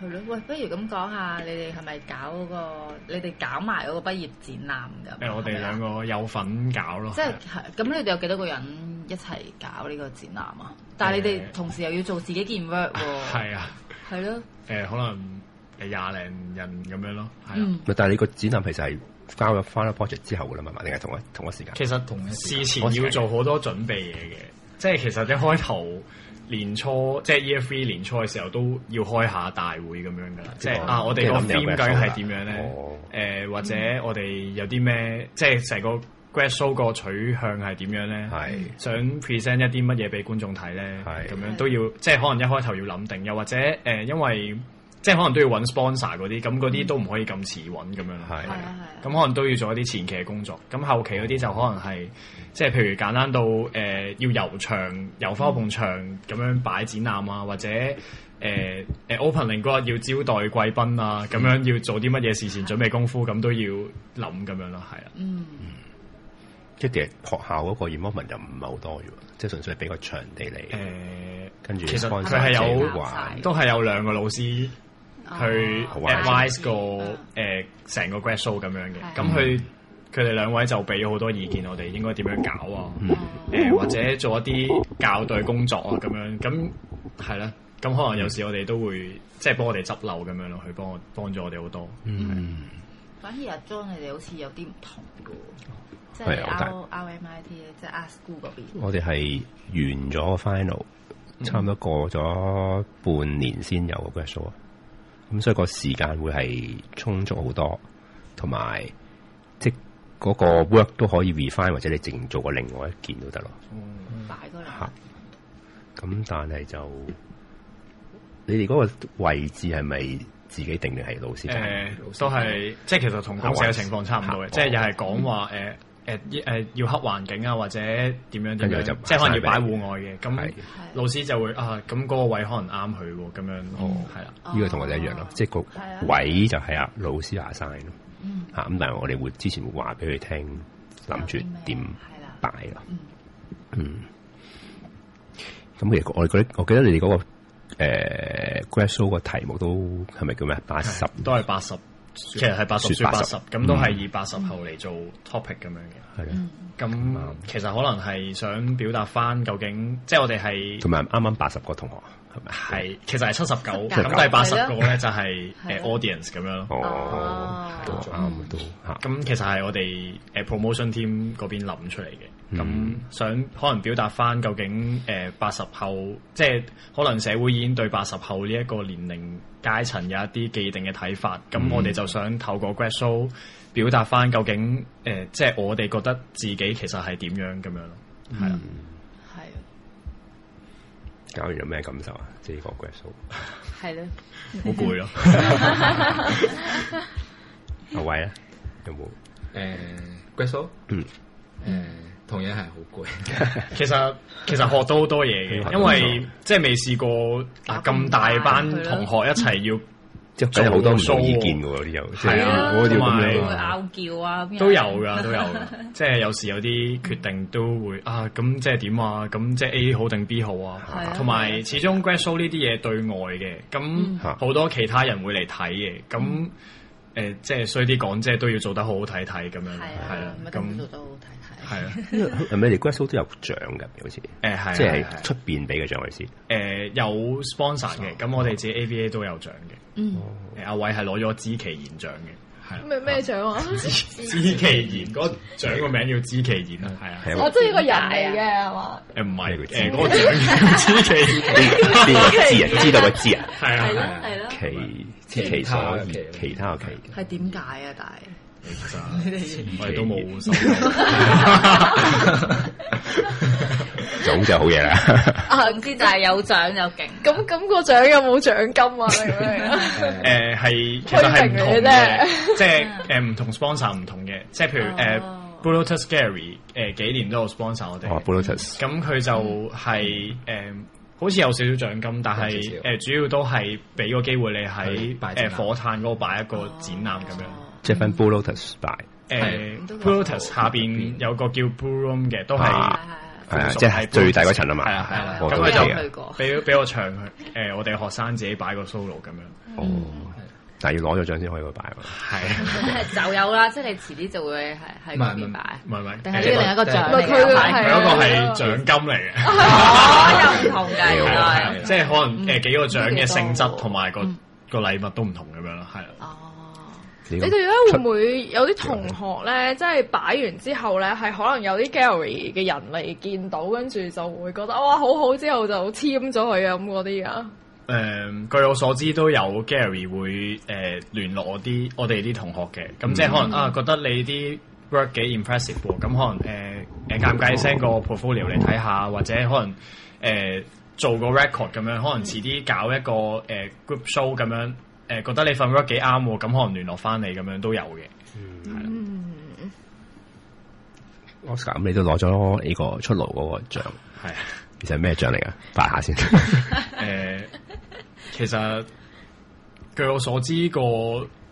係咯，喂，不如咁講下，你哋係咪搞嗰、嗰個？你哋搞埋嗰個畢業展覽㗎？誒、嗯，係咪我哋兩個有份搞咯。即係咁，你哋有幾多個人一齊搞呢個展覽啊？欸、但係你哋同時又要做自己件 work 喎。係啊的，係咯的。誒、欸，可能誒廿零人咁樣咯。係、嗯、但係你個展覽其實係交咗 Final project 之後㗎啦嘛，定係同，同一同一時間？其實同事前要做好多準備嘢嘅，嗯、即係其實一開頭、嗯。年初即係 Year Three 年初嘅時候都要開下大會咁樣噶，即係是啊，嗯、我哋個 theme 究竟係點樣咧？誒、哦呃，或者、嗯、我哋有啲咩，即係成個 grad show 個取向係點樣咧？係是 想 present 一啲乜嘢俾觀眾睇咧？係咁是 樣都要，是的 即係可能一開頭要諗定，又或者誒、呃，因為。即係可能都要揾 sponsor 嗰啲，咁嗰啲都唔可以咁遲揾咁樣咯。係啊，係啊。咁可能都要做一啲前期嘅工作，咁後期嗰啲就可能係，嗯、即係譬如簡單到誒、呃、要遊場、遊花棚場咁樣擺展覽啊，或者誒誒 opening 嗰日要招待貴賓啊，咁樣、嗯、要做啲乜嘢事前準備功夫，咁都要諗咁樣咯，係啊。嗯、即，即係其實學校嗰個 event 就唔係好多啫，即係純粹係俾個場地嚟。誒、呃，跟住着 其實佢係贊助 有，都係有兩個老師。去 advise 個誒成個 grad show 咁樣嘅，咁佢佢哋兩位就俾好多意見我哋應該點樣搞啊，誒、嗯呃、或者做一啲校對工作啊咁樣咁係啦，咁、嗯、可能有時我哋都會即係、就是、幫我哋執漏咁樣咯，去幫我幫助我哋好多。嗯，的反而阿 John 你哋好似有啲唔同嘅，即係 R RMIT 咧，即係 R School 嗰邊。我哋係完咗 final，差唔多過咗半年先有個 grad show 啊。咁、嗯、所以個時間會係充足好多，同埋即嗰個 work 都可以 refine，或者你淨做過另外一件都得咯。嗯，咁、嗯嗯、但係就你哋嗰個位置係咪自己定定係老師？誒、呃，都係、嗯、即其實同講嘅情況差唔多嘅，呃、即又係講話誒。嗯呃誒，要黑環境啊，或者點樣？跟住就即係可能要擺戶外嘅。咁老師就會啊，咁嗰個位可能啱佢咁樣。哦，係啦，呢個同我哋一樣咯。即係個位就係啊，老師 assign 咁，但係我哋會之前會話俾佢聽，諗住點擺咯。嗯。咁其實我哋我記得你哋嗰個誒 grad show 個題目都係咪叫咩？八十都係八十。說其實係八十，八十咁都係以八十後嚟做 topic 咁樣嘅，係啊，咁其實可能係想表達翻究竟，即係我哋係同埋啱啱八十個同學。係，其實係七十九，咁第八十個咧就係誒 audience 咁樣咯。哦，咁其實係我哋誒 promotion team 嗰邊諗出嚟嘅，咁、嗯嗯嗯、想可能表達翻究竟誒八十後，即係可能社會已經對八十後呢一個年齡階層有一啲既定嘅睇法，咁我哋就想透過 grad show 表達翻究竟誒，即係我哋覺得自己其實係點樣咁樣咯，係、嗯、啊。搞完有咩感受啊？即係個 gradual，係咯，好攰咯。阿偉咧有冇？誒，gradual，嗯，誒，同樣係好攰。 其實其實學到好多嘢嘅， 因為 即係未試過啊咁大班同學一齊要。即好多唔同意見嘅喎，有啲有，係啊，同埋會嗌交啊，都有㗎都有。即係有時有啲決定都會啊，咁即係點啊？咁即係 A 好定 B 好啊？同埋始終 grad show 呢啲嘢對外嘅，咁好多其他人會嚟睇嘅，咁誒即係衰啲講，即係都要做得好好睇睇咁樣，係啦，咁都好睇。係咯，係咪啲格蘇都有獎嘅？好似，即係出邊俾嘅獎嚟先。誒，有 sponsor 嘅，咁我哋自己 AVA 都有獎嘅。阿偉係攞咗知其言獎嘅，係咩咩獎啊？知其言，嗰獎個名叫知其言啊，係啊，我知呢個人嚟嘅係嘛？誒唔係，誒我知，知其言，知道個知啊，係啊，係咯，其知其言，其他嘅其，係點解啊？但係？唔係都冇，早就好嘢啦。啊，唔知但係有獎又勁，咁咁個獎有冇獎金啊？誒，係其實係唔同嘅，即係誒唔同 sponsor 唔同嘅。即係譬如誒，Bluetooth Gallery 誒幾年都有 sponsor 我哋 Bluetooth 咁佢就係誒，好似有少少獎金，但係誒主要都係俾個機會你喺誒火炭嗰度擺一個展覽咁樣。即係分 Bolotus 擺，誒，Bolotus 下邊有個叫 b o o m 嘅，都係係啊，即係最大嗰層啊嘛。係啊係啊，咁佢就去過。俾俾我唱佢，誒，我哋學生自己擺個 solo 咁樣。哦，但係要攞咗獎先可以去擺喎。係，就有啦，即係你遲啲就會喺外面擺。唔係唔係，仲有另一個獎，佢佢嗰個係獎金嚟嘅。哦，又唔同嘅，係，即係可能誒幾個獎嘅性質同埋個個禮物都唔同咁樣咯，係啊。你哋咧會唔會有啲同學咧，即係擺完之後咧，係可能有啲 gallery 嘅人嚟見到，跟住就會覺得哇好好，之後就簽咗佢啊咁嗰啲啊？誒、呃，據我所知都有 gallery 會誒、呃、聯絡我啲我哋啲同學嘅，咁即係可能、嗯、啊覺得你啲 work 幾 impressive 喎，咁可能誒誒、呃嗯、尷尬 send 個 portfolio 嚟睇下，嗯、或者可能誒、呃、做個 record 咁樣，可能遲啲搞一個誒 group show 咁樣。誒，覺得你份 work 幾啱，咁可能聯絡翻你，咁樣都有嘅。嗯，係啦的。Oscar，咁你都攞咗呢個出爐嗰個獎，係啊 的？其實係咩獎嚟噶？擺下先。誒，其實據我所知，呢、呢個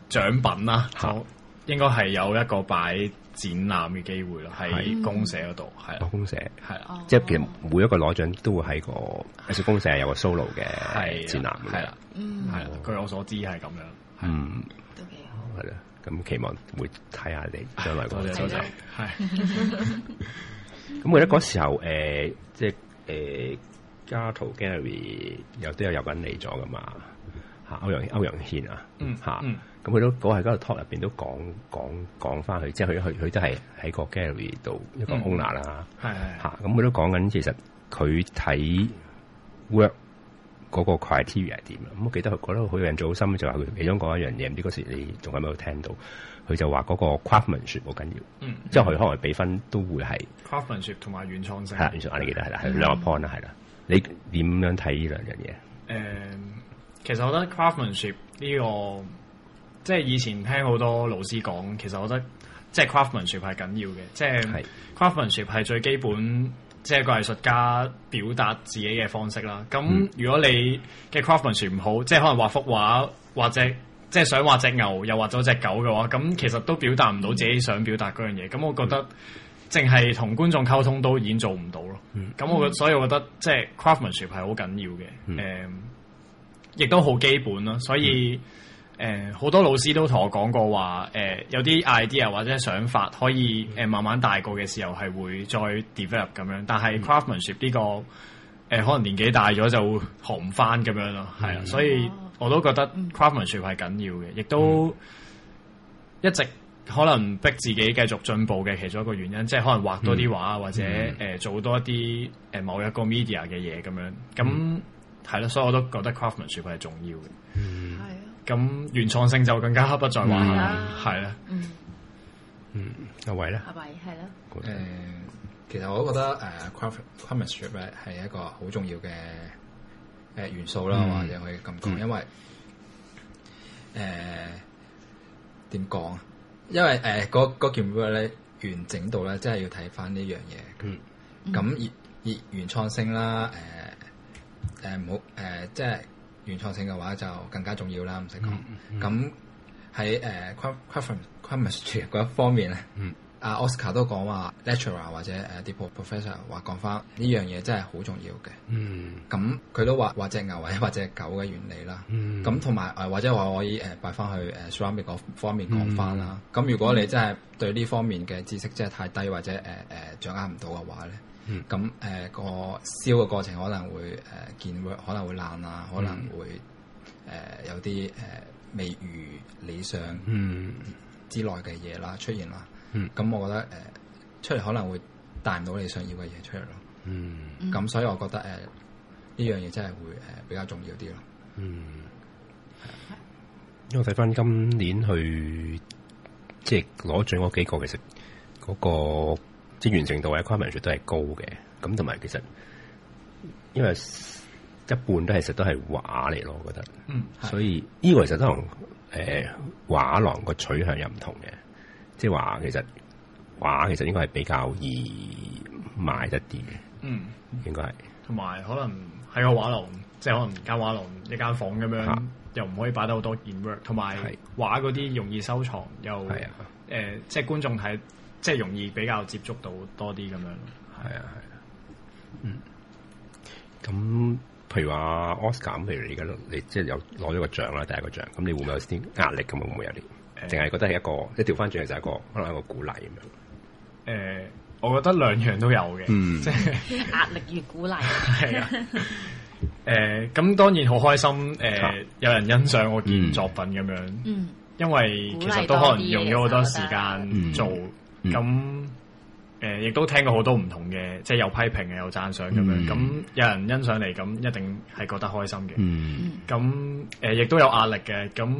獎品啦， 應該係有一個擺展覽嘅機會咯，喺公社嗰度係。公社係啦，即係其實每一個攞獎都會喺個藝術公社有個 solo 嘅展覽，係啦，係啦。據我所知係咁樣，嗯，都幾好，係啦。咁期望會睇下你將來嗰個成就，係。咁我記得嗰時候誒，即係誒，加圖 Gallery 又都有有個人嚟咗噶嘛，吓，歐陽歐陽軒啊，吓。佢都嗰喺嗰個 talk 入邊都講講講翻佢，即係佢佢佢都係喺個 gallery 度一個 owner 啦吓，咁佢都講緊其實佢睇 work 嗰個 criteria 係點啦。咁、嗯、我記得佢覺得好有人做，好心就係佢其中講一樣嘢，唔、嗯、知嗰時你仲喺咪度聽到？佢就話嗰個 craftmanship 好緊要，嗯、即係佢可能比分都會係 craftmanship 同埋原創性係原創。你記得係啦，係兩個 point 啦，係啦、嗯。你點樣睇呢兩樣嘢？誒、嗯，其實我覺得 craftmanship 呢、這個。即係以前聽好多老師講，其實我覺得即係 craftsmanship 係緊要嘅，即係 craftsmanship 係最基本，即係個藝術家表達自己嘅方式啦。咁如果你嘅 craftsmanship 唔好，即係可能畫幅畫或者即係想畫隻牛又畫咗隻狗嘅話，咁其實都表達唔到自己想表達嗰樣嘢。咁我覺得淨係同觀眾溝通都已經做唔到咯。咁我所以我覺得即係 craftsmanship 係好緊要嘅，誒、嗯，亦、嗯、都好基本咯，所以、嗯。誒好、呃、多老師都同我講過話誒、呃、有啲 idea 或者想法，可以誒、呃、慢慢大個嘅時候係會再 develop 咁樣，但係 craftmanship 呢、呢個誒、呃、可能年紀大咗就會學唔翻咁樣咯，係啊，所以我都覺得 craftmanship 係緊要嘅，亦都一直可能逼自己繼續進步嘅其中一個原因，即係可能畫多啲畫或者誒、呃、做多啲誒某一個 media 嘅嘢咁樣咁係啦，所以我都覺得 craftmanship 係重要嘅。嗯咁原創性就更加刻不在話，係啦、啊，啊、嗯，嗯、啊，阿偉咧，阿偉係咯，誒，其實我都覺得誒 craftsmanship 咧係一個好重要嘅誒元素啦，嗯、或者可以咁講、嗯 uh，因為誒點講，因為誒嗰件 work 咧完整度咧，真係要睇翻呢樣嘢，嗯，咁而而原創性啦，誒誒唔好，誒即係。原創性嘅話就更加重要啦，唔使講。咁喺誒 quantum chemistry 嗰一方面咧，嗯。阿 Oscar 都講話 lecturer 或者誒啲 professor 話講翻呢樣嘢真係好重要嘅。嗯，咁佢都話或者牛或者隻狗嘅原理啦。咁同埋誒或者話可以誒擺翻去誒 strawberry 方面講翻啦。咁、嗯、如果你真係對呢方面嘅知識真係太低或者誒誒、呃、掌握唔到嘅話咧，咁誒、嗯呃那個燒嘅過程可能會誒、呃、見會可能會爛啊，可能會誒、嗯呃、有啲誒未如理想嗯之內嘅嘢啦出現啦。嗯，咁我覺得誒、呃，出嚟可能會帶唔到你想要嘅嘢出嚟咯。嗯，咁所以我覺得誒，呢、呃、樣嘢真係會誒、呃、比較重要啲咯。嗯，因為睇翻今年去即係攞獎嗰幾個，其實嗰、那個即係、就是、完成度或者 quality 都係高嘅。咁同埋其實因為一半都係實都係畫嚟咯，我覺得。嗯，所以呢個其實都同誒畫廊個取向又唔同嘅。即係話，其實畫其實應該係比較易賣得啲嘅。嗯，應該係。同埋可能喺個畫廊，嗯、即係可能間畫廊一間、嗯、房咁樣，啊、又唔可以擺得好多件 work。同埋畫嗰啲容易收藏，又誒、啊呃，即係觀眾睇，即係容易比較接觸到多啲咁樣。係啊係啊，啊啊嗯。咁，譬如話 Oscar 譬如而家你即係有攞咗個獎啦，第一個獎。咁你會唔會有啲壓力咁會唔會有啲？ 淨係覺得係一個，即係調翻轉嚟就係一個可能係一個鼓勵咁樣。誒、呃，我覺得兩樣都有嘅，即係壓力與鼓勵。係 啊。誒、呃，咁當然好開心。誒、呃、啊、有人欣賞我件作品咁樣。嗯、因為其實都可能用咗好多時間做，咁誒、嗯嗯嗯呃，亦都聽過好多唔同嘅，即係有批評嘅，有讚賞咁樣。咁、嗯、有人欣賞你，咁一定係覺得開心嘅。咁誒、嗯嗯呃，亦都有壓力嘅。咁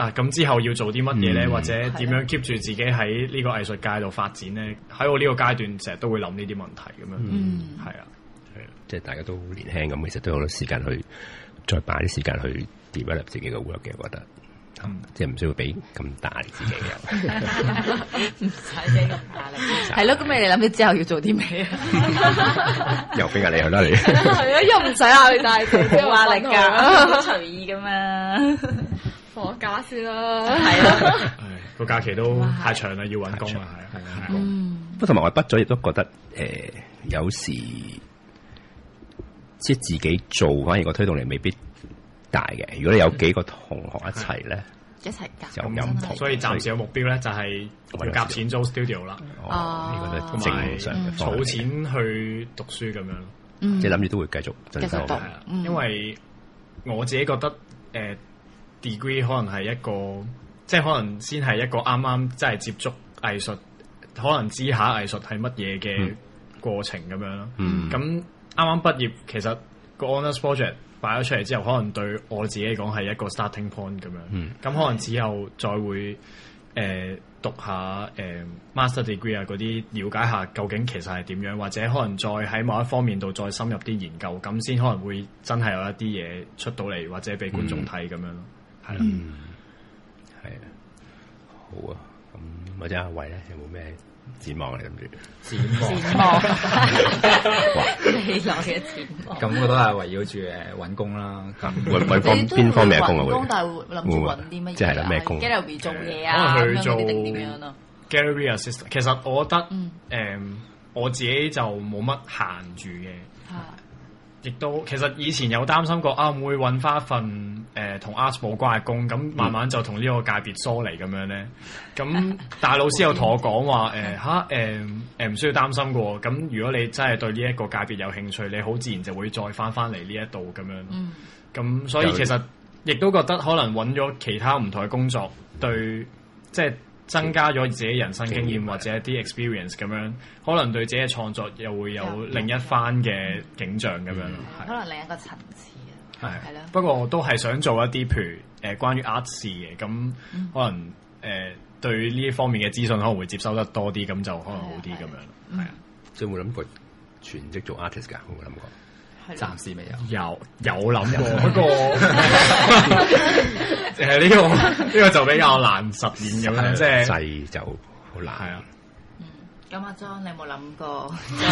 啊！咁之後要做啲乜嘢咧？嗯、或者點樣 keep 住自己喺呢個藝術界度發展咧？喺我呢個階段，成日都會諗呢啲問題咁、嗯、樣。嗯，係啊，係啊，即係大家都好年輕咁，其實都有好多時間去再擺啲時間去 develop 自己嘅 work 嘅，我覺得。即係唔需要俾咁大力自己。唔使俾咁大力。係咯， 咁 你哋諗起之後要做啲咩啊？又邊個嚟？又得你係啊，又唔使嗌佢大力，即係冇壓力 樣隨意㗎嘛～放假先啦，係啊，個假期都太長啦，要搵工啊，係啊，不過同埋我畢咗業亦都覺得，誒，有時即係自己做反而個推動力未必大嘅，如果你有幾個同學一齊咧，一齊，咁所以暫時嘅目標咧就係夾錢租 studio 啦，哦，正常？儲錢去讀書咁樣，即係諗住都會繼續進修，因為我自己覺得，誒。degree 可能係一個，即係可能先係一個啱啱即係接觸藝術，可能知下藝術係乜嘢嘅過程咁樣咯。咁啱啱畢業，其實個 honors project 擺咗出嚟之後，可能對我自己嚟講係一個 starting point 咁樣。咁、嗯、可能之後再會誒、呃、讀下誒、呃、master degree 啊嗰啲，了解下究竟其實係點樣，或者可能再喺某一方面度再深入啲研究，咁先可能會真係有一啲嘢出到嚟，或者俾觀眾睇咁樣咯。嗯。嗯，係啊，好啊，咁或者阿偉咧有冇咩展望你諗住？展望未來嘅展望，咁我都係圍繞住誒搵工啦。搵搵邊方面嘅工啊？會搵啲乜嘢啊？咩工啊？Gallery 種嘢啊？做點樣咯？Gallery 啊 Assist 其實我覺得誒，我自己就冇乜限住嘅。亦都，其實以前有擔心過啊，會揾翻份誒同、呃、arts 冇關嘅工，咁慢慢就同呢個界別疏離咁樣咧。咁大老師又同我講話誒嚇誒誒唔需要擔心嘅喎。咁如果你真係對呢一個界別有興趣，你好自然就會再翻翻嚟呢一度咁樣。咁、嗯、所以其實亦都覺得可能揾咗其他唔同嘅工作對，對即係。增加咗自己人生經驗或者一啲 experience 咁樣，可能對自己嘅創作又會有另一番嘅景象咁樣咯，嗯啊、可能另一個層次啊，係係啦。不過我都係想做一啲譬如誒、呃、關於 artist 嘅咁，可能誒、嗯呃、對呢一方面嘅資訊可能會接收得多啲，咁就可能好啲咁樣，係、嗯、啊，即係會諗過全職做 artist 㗎，會唔會諗過？暫時未有，有，有有諗過，不過誒呢個呢、這個就比較難實現咁啦，即、就、係、是、制就好難、啊嗯。嗯，咁阿莊，你有冇諗過？咁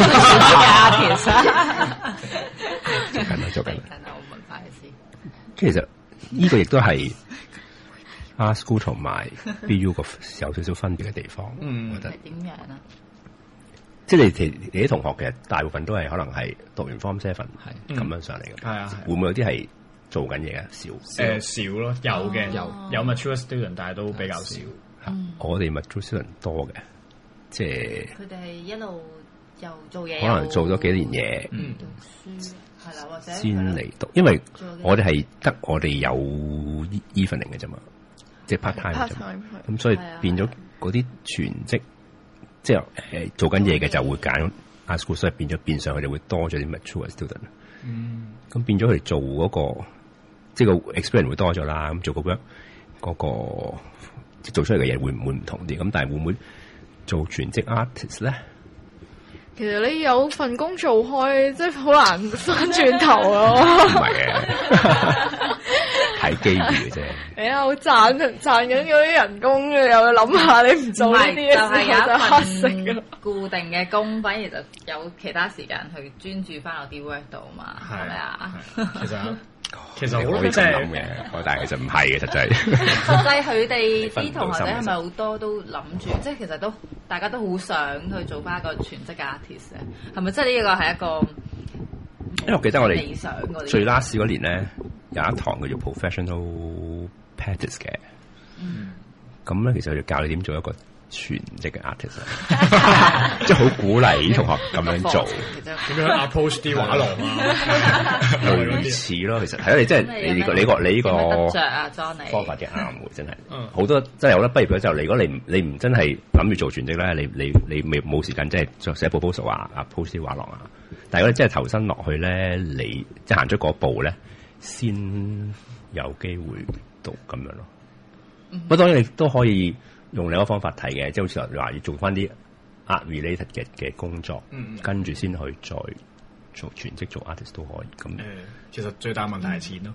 我問翻你先，即係其實呢個亦都係 Art School 同埋 BU 個有少少分別嘅地方。嗯，我覺得。係點樣啊？即係你你啲同學其實大部分都係可能係讀完 form seven 係咁樣上嚟嘅，會唔會有啲係做緊嘢啊？少誒，少咯，有嘅，有有 mature student 但係都比較少。吓，我哋 mature student 多嘅，即係佢哋係一路又做嘢，可能做咗幾年嘢，嗯，讀書係啦，或者先嚟讀，因為我哋係得我哋有 evening 嘅啫嘛，即係 part time 咁，所以變咗嗰啲全職。即係誒、呃，做緊嘢嘅就會揀阿 school，所以變咗、嗯、變相佢哋會多咗啲 mature student。嗯，咁變咗佢哋做嗰、嗰個，即係個 experience 會多咗啦。咁做咁樣嗰個，即、嗰、係、個、做出嚟嘅嘢會唔會唔同啲？咁但係會唔會做全職 artist 咧？其實你有份工做開，即係好難翻轉頭咯。係機遇嘅啫，你啊，好賺啊，賺緊嗰啲人工嘅，又諗下你唔做呢啲嘢先，就係、是、有份固定嘅工，反而 就有其他時間去專注翻落啲 work 度嘛，係咪啊？其實 其實好都係嘅，但係其實唔係嘅實際，實際佢哋啲同學仔係咪好多都諗住，即係 其實都大家都好想去做翻一個全職嘅 artist 咧，係咪？即係呢一個係一個。因為我記得我哋最 last 年咧，有一堂叫做 professional practice 嘅，嗯，咁咧其實就教你點做一個。全職嘅 artist， 即係好鼓勵啲同學咁樣做。點樣 approach 啲畫廊啊？類似 咯，其實係咯、嗯，你即係你、這個、你、這個你呢個方法嘅喊、 嗯，真係好多真係好啦。畢業咗之後，如果你唔你唔真係諗住做全職咧，你你你未冇時間即係寫部 proposal 啊 approach 啲畫廊啊。但係如果你真係投身落去咧，你即係行出嗰步咧，先有機會讀咁樣咯。不過當然你都可以。用另一個方法睇嘅，即係好似話要做翻啲 art related 嘅嘅工作，跟住先去再做全職做 artist 都可以咁。誒，其實最大問題係錢咯，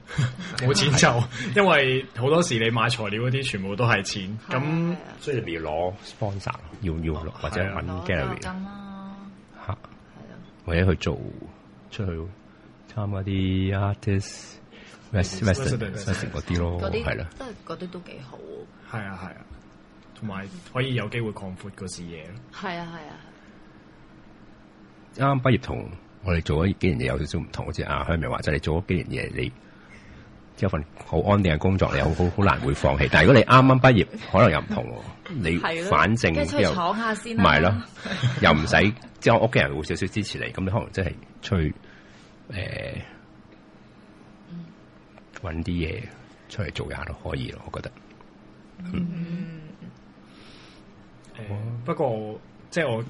冇錢就因為好多時你買材料嗰啲全部都係錢，咁所以你要要攞 sponsor，要要或者揾 gallery，嚇，係咯，或者去做出去參加啲 artist residency 嗰啲咯，係咯，即係覺得都幾好。係啊，係啊。同埋可以有機會擴闊個視野咯。係啊，係啊。啱啱畢業同我哋做咗幾年嘢有少少唔同，好似阿香咪話，就、啊、你做咗幾年嘢，你有份好安定嘅工作，你好好好難會放棄。但係如果你啱啱畢業，可能又唔同。 你反正 又唔係咯， 又唔使 即我屋企人會少少支持你，咁你可能即係出去誒揾啲嘢出去做下都可以咯，我覺得。嗯。嗯。呃、哇不過，即係我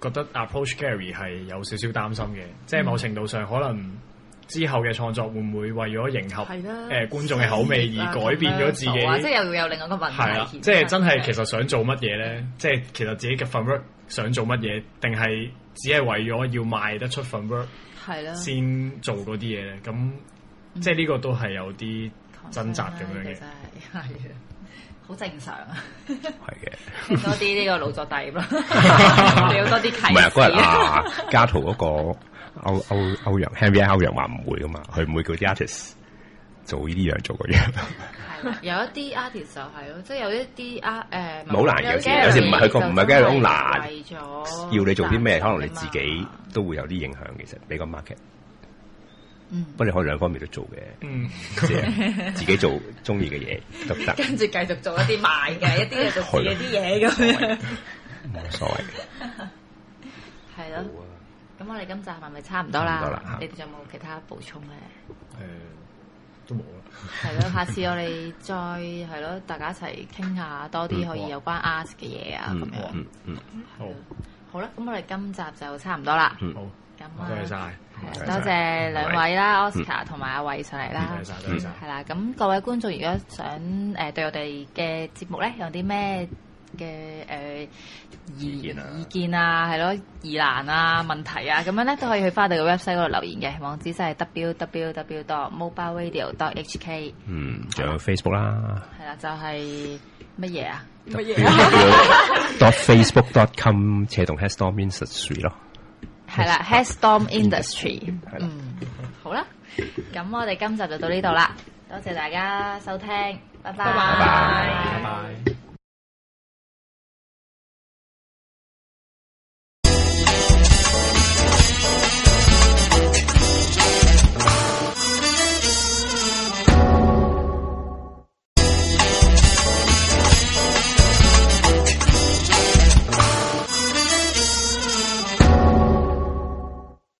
覺得 approach Gary 係有少少擔心嘅，即係某程度上、嗯、可能之後嘅創作會唔會為咗迎合誒、嗯呃、觀眾嘅口味而改變咗自己，啊、即係又有另外一個問題。係啦，即係真係其實想做乜嘢咧？嗯、即係其實自己嘅份 work 想做乜嘢，定係只係為咗要賣得出份 work 係啦的，先做嗰啲嘢咧？咁、嗯、即係呢個都係有啲掙扎咁樣嘅，係啊、嗯。 好正常，係嘅。多啲呢個老作帝咯，你要多啲啟示。唔係，嗰日啊，加圖嗰個歐歐陽 Henry 歐陽話唔會噶嘛，佢唔會叫啲 artist 做呢啲樣做嗰樣。係，有一啲 artist 就係咯，即係有一啲 art 誒。難，有時有時唔係佢個唔係梗係難，要你做啲咩，可能你自己都會有啲影響。其實俾個 market。不過你可以兩方面都做嘅，嗯，自己做中意嘅嘢，得跟住繼續做一啲賣嘅，一啲嘢，做其他啲嘢咁樣，冇所謂嘅，係咯。咁我哋今集係咪差唔多啦？你哋有冇其他補充咧？係都冇啦。係咯，下次我哋再係咯，大家一齊傾下多啲可以有關 art 嘅嘢啊，咁樣。好。好啦，咁我哋今集就差唔多啦。多謝晒，多謝兩位啦，Oscar 同埋、嗯、阿偉上嚟啦。唔該晒，唔該晒。係啦，咁各位觀眾如果想誒、呃、對我哋嘅節目咧，有啲咩嘅誒意意見啊，係咯、啊，疑難啊，嗯、問題啊，咁樣咧都可以去翻我哋嘅 website 嗰度留言嘅，網址就係 www.mobileradio.hk。嗯，仲有 Facebook 啦。係啦，就係乜嘢啊乜嘢、啊、 facebook.com 斜同 h a s d t o r y 咯。係啦，Headstorm Industry。嗯，好啦，咁我哋今集就到呢度啦，多謝大家收聽，拜拜。